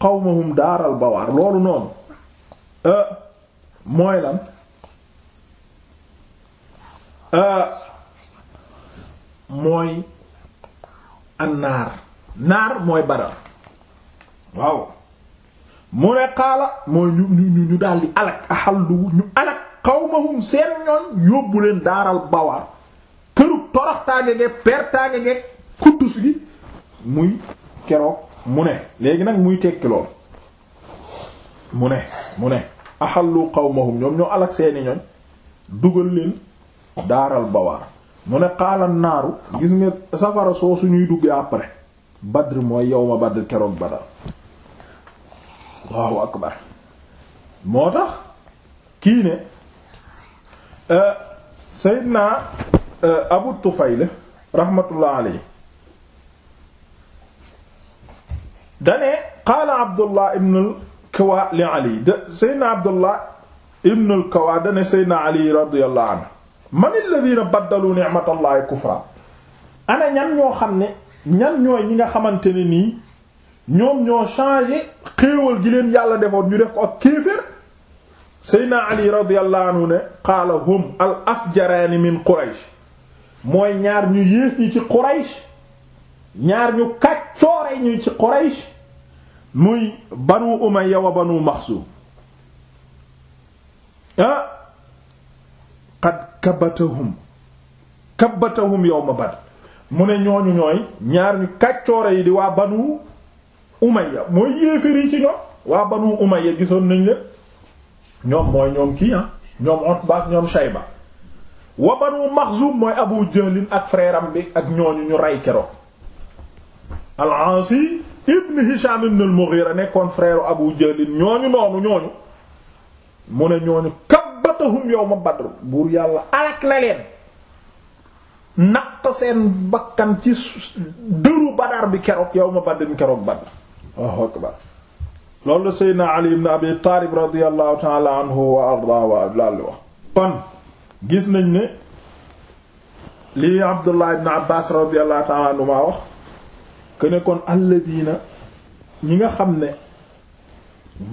A: qawmahum daaral bawaar bawaar loolu noonu euh, mooy lan euh, mooy annaar naar mooy badar waaw mu ne xaala mooy ñu ñu ñu daal di alak axallu ñu xaw xawmahum seen ñoon yóbbu leen daaral bawaar këru toroxtaange ge pertaange ge kuddus gi muy keroog mu ne léegi nag muy tekki lool mu ne mu ne xaw xawmahum ñoom ñoo alak seeni ñoñ dugal leen daaral bawaar mu ne xaala naaru gis nga safara soo suñuy duggee après badr mooy yawma badr keroog badar allahu akbar moo tax kii ne euh, Seydina euh, Abu Tufayl rahmatullah alayhi dane qaala Abdullah ibn al-Kawa li Ali de Seydina Abdullah ibn al-Kawa dane Seydina Ali radiyallahu anhu man alladhina baddalu ni'matallahi kufra ana ñan ñoo xam ne ñan ñooy ñi nga xamante ne nii ñoom ñoo changé xéewal gi leen yàlla defoon ñu def ko ak kéefër seydna ali radiyallahu anhu ne qaala hum al afjaraani min quraysh mooy ñaar ñu yées ñi ci quraysh ñaar ñu kàccoore ñu ci quraysh muy banu umayya wa banu maxsum ah qad kabatahum kabatahum yawma badr mu ne ñooñu ñooy ñaar ñu kàccoore yi di waa banu Umayya mooy yéeféer yi ci ñoom waa Banu Umayya gisoon nañ leen ñoom mooy ñoom kii ah ñoom Utba ak ñoom Shayba wa Banu Maxzum mooy Abu Jahlin ak frère bi ak ñooñu ñu ray keroog al ibn Hisham ibn al-Mughira nekkoon frère Abu Jahlin ñooñu noonu ñooñu mu ne ñooñu kabbatahum yawma Badr buur yàlla alak na leen natt seen bakkan ci dëru Badar bi keroog yawma Badr keroog Badr Allahu akbar loolu la Seydina Ali ibn Abi Taalib radiyallahu ta'ala wa ardaa wa laalli wax kon gis nañ ne li Abdullah ibn Abbas radiyallahu ta'ala anhu maa wax que ne kon alladina ñi nga xam ne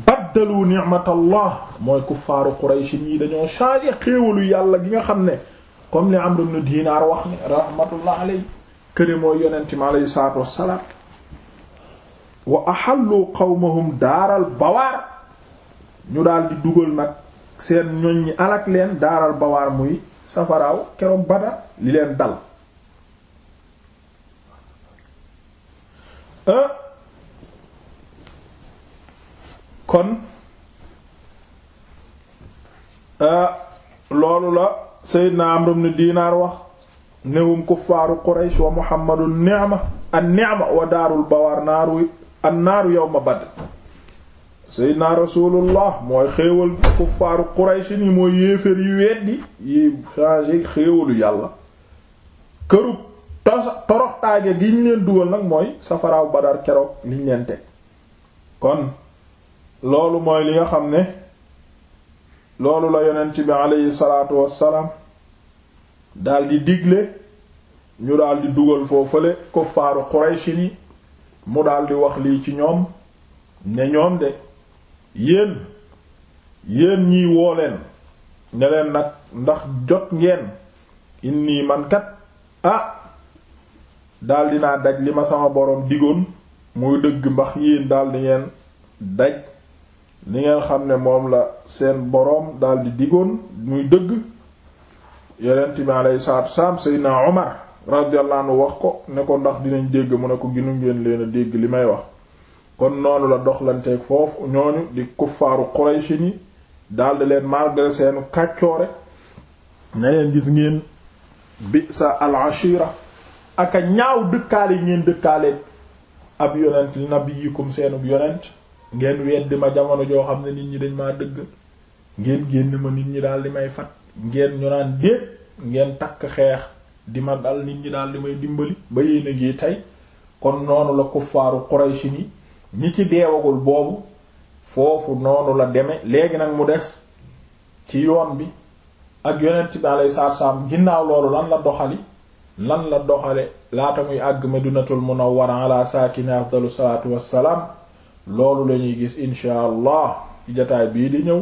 A: baddalu ni'matallah mooy kuffaaru Quraysh ñii dañoo changé xéewalu yàlla gi nga xam ne comme li Amr ibn Dinaar wax ne rahmatullah alayhi këne mooy yonente mi alayhi salaatu wassalaam wa ahallu qawmahum daaral bawaar ñu daal di dugal nag seen ñoñ ñi alak leen daaral bawaar muy safaraaw keroog bada li leen dal ah. kon ah, loolu la Seydina Amr ibn Dinaar wax newum kuffaaru Quraysh wa Muhammadu ni'ma an-ni'ma wa daarul bawaar naaru annaaru yawma Badr seydna rasulullah mooy xéewal kuffaaru Quraysh mooy yéeféer yu weddi yi changé xéewalu yàlla këru toroxtaage gi ñu leen dugal nag mooy safaraaw Badar keroog liñ leen teg kon loolu mooy li nga xam ne loolu la yonent bi aleyhi salaatu wassalaam daldi digle ñu daldi dugal foofale kuffaaru Quraysh mu daldi wax lii ci ñoom ne ñoom de yéen yéen ñiy woo leen ne nag ndax jot ngeen inni man kat ah daldi naa daj li ma sama boroom diggoon muy dëgg mbax yéen daldi ngeen daj li ngeen xam ne moom la seen boroom daldi diggoon muy dëgg yonent bi alayhi salaatu wassalaam Seydina Omar radiyallahu anhu wax ko ne ko ndax dinañ dégg mu ne ko ginu ngeen leen a dégg li may wax kon noonu la doxlanteeg foofu ñooñu di kuffaaru Quraysh ni daldi leen malgré seenu kàccoore ne leen gis ngeen bi sa al ashira aka ñaaw dëkkaale yi ngeen dëkkaale ab yonent li seenub yonent ngeen weddi ma jamono joo xam ne nit ñi dañ maa dëgg ngeen génn ma nit ñi daal di may fat ngeen ñu naan déet ngeen takk xeex di ma dal nit ñi daal di may dimbali ba yéene gi tey kon noonu la kuffaaru Quraysh ni ñi ci deewagul boobu foofu noonu la deme léegi nag mu des ci yoon bi ak yonent bi alayhi salaatu salaam ginnaaw loolu lan la doxali lan la doxale laata muy àgg ma dunatul mu Munawwara ala saakini afdalu salaatu wassalaam loolu lañuy gis insha allah ci bii di ñëw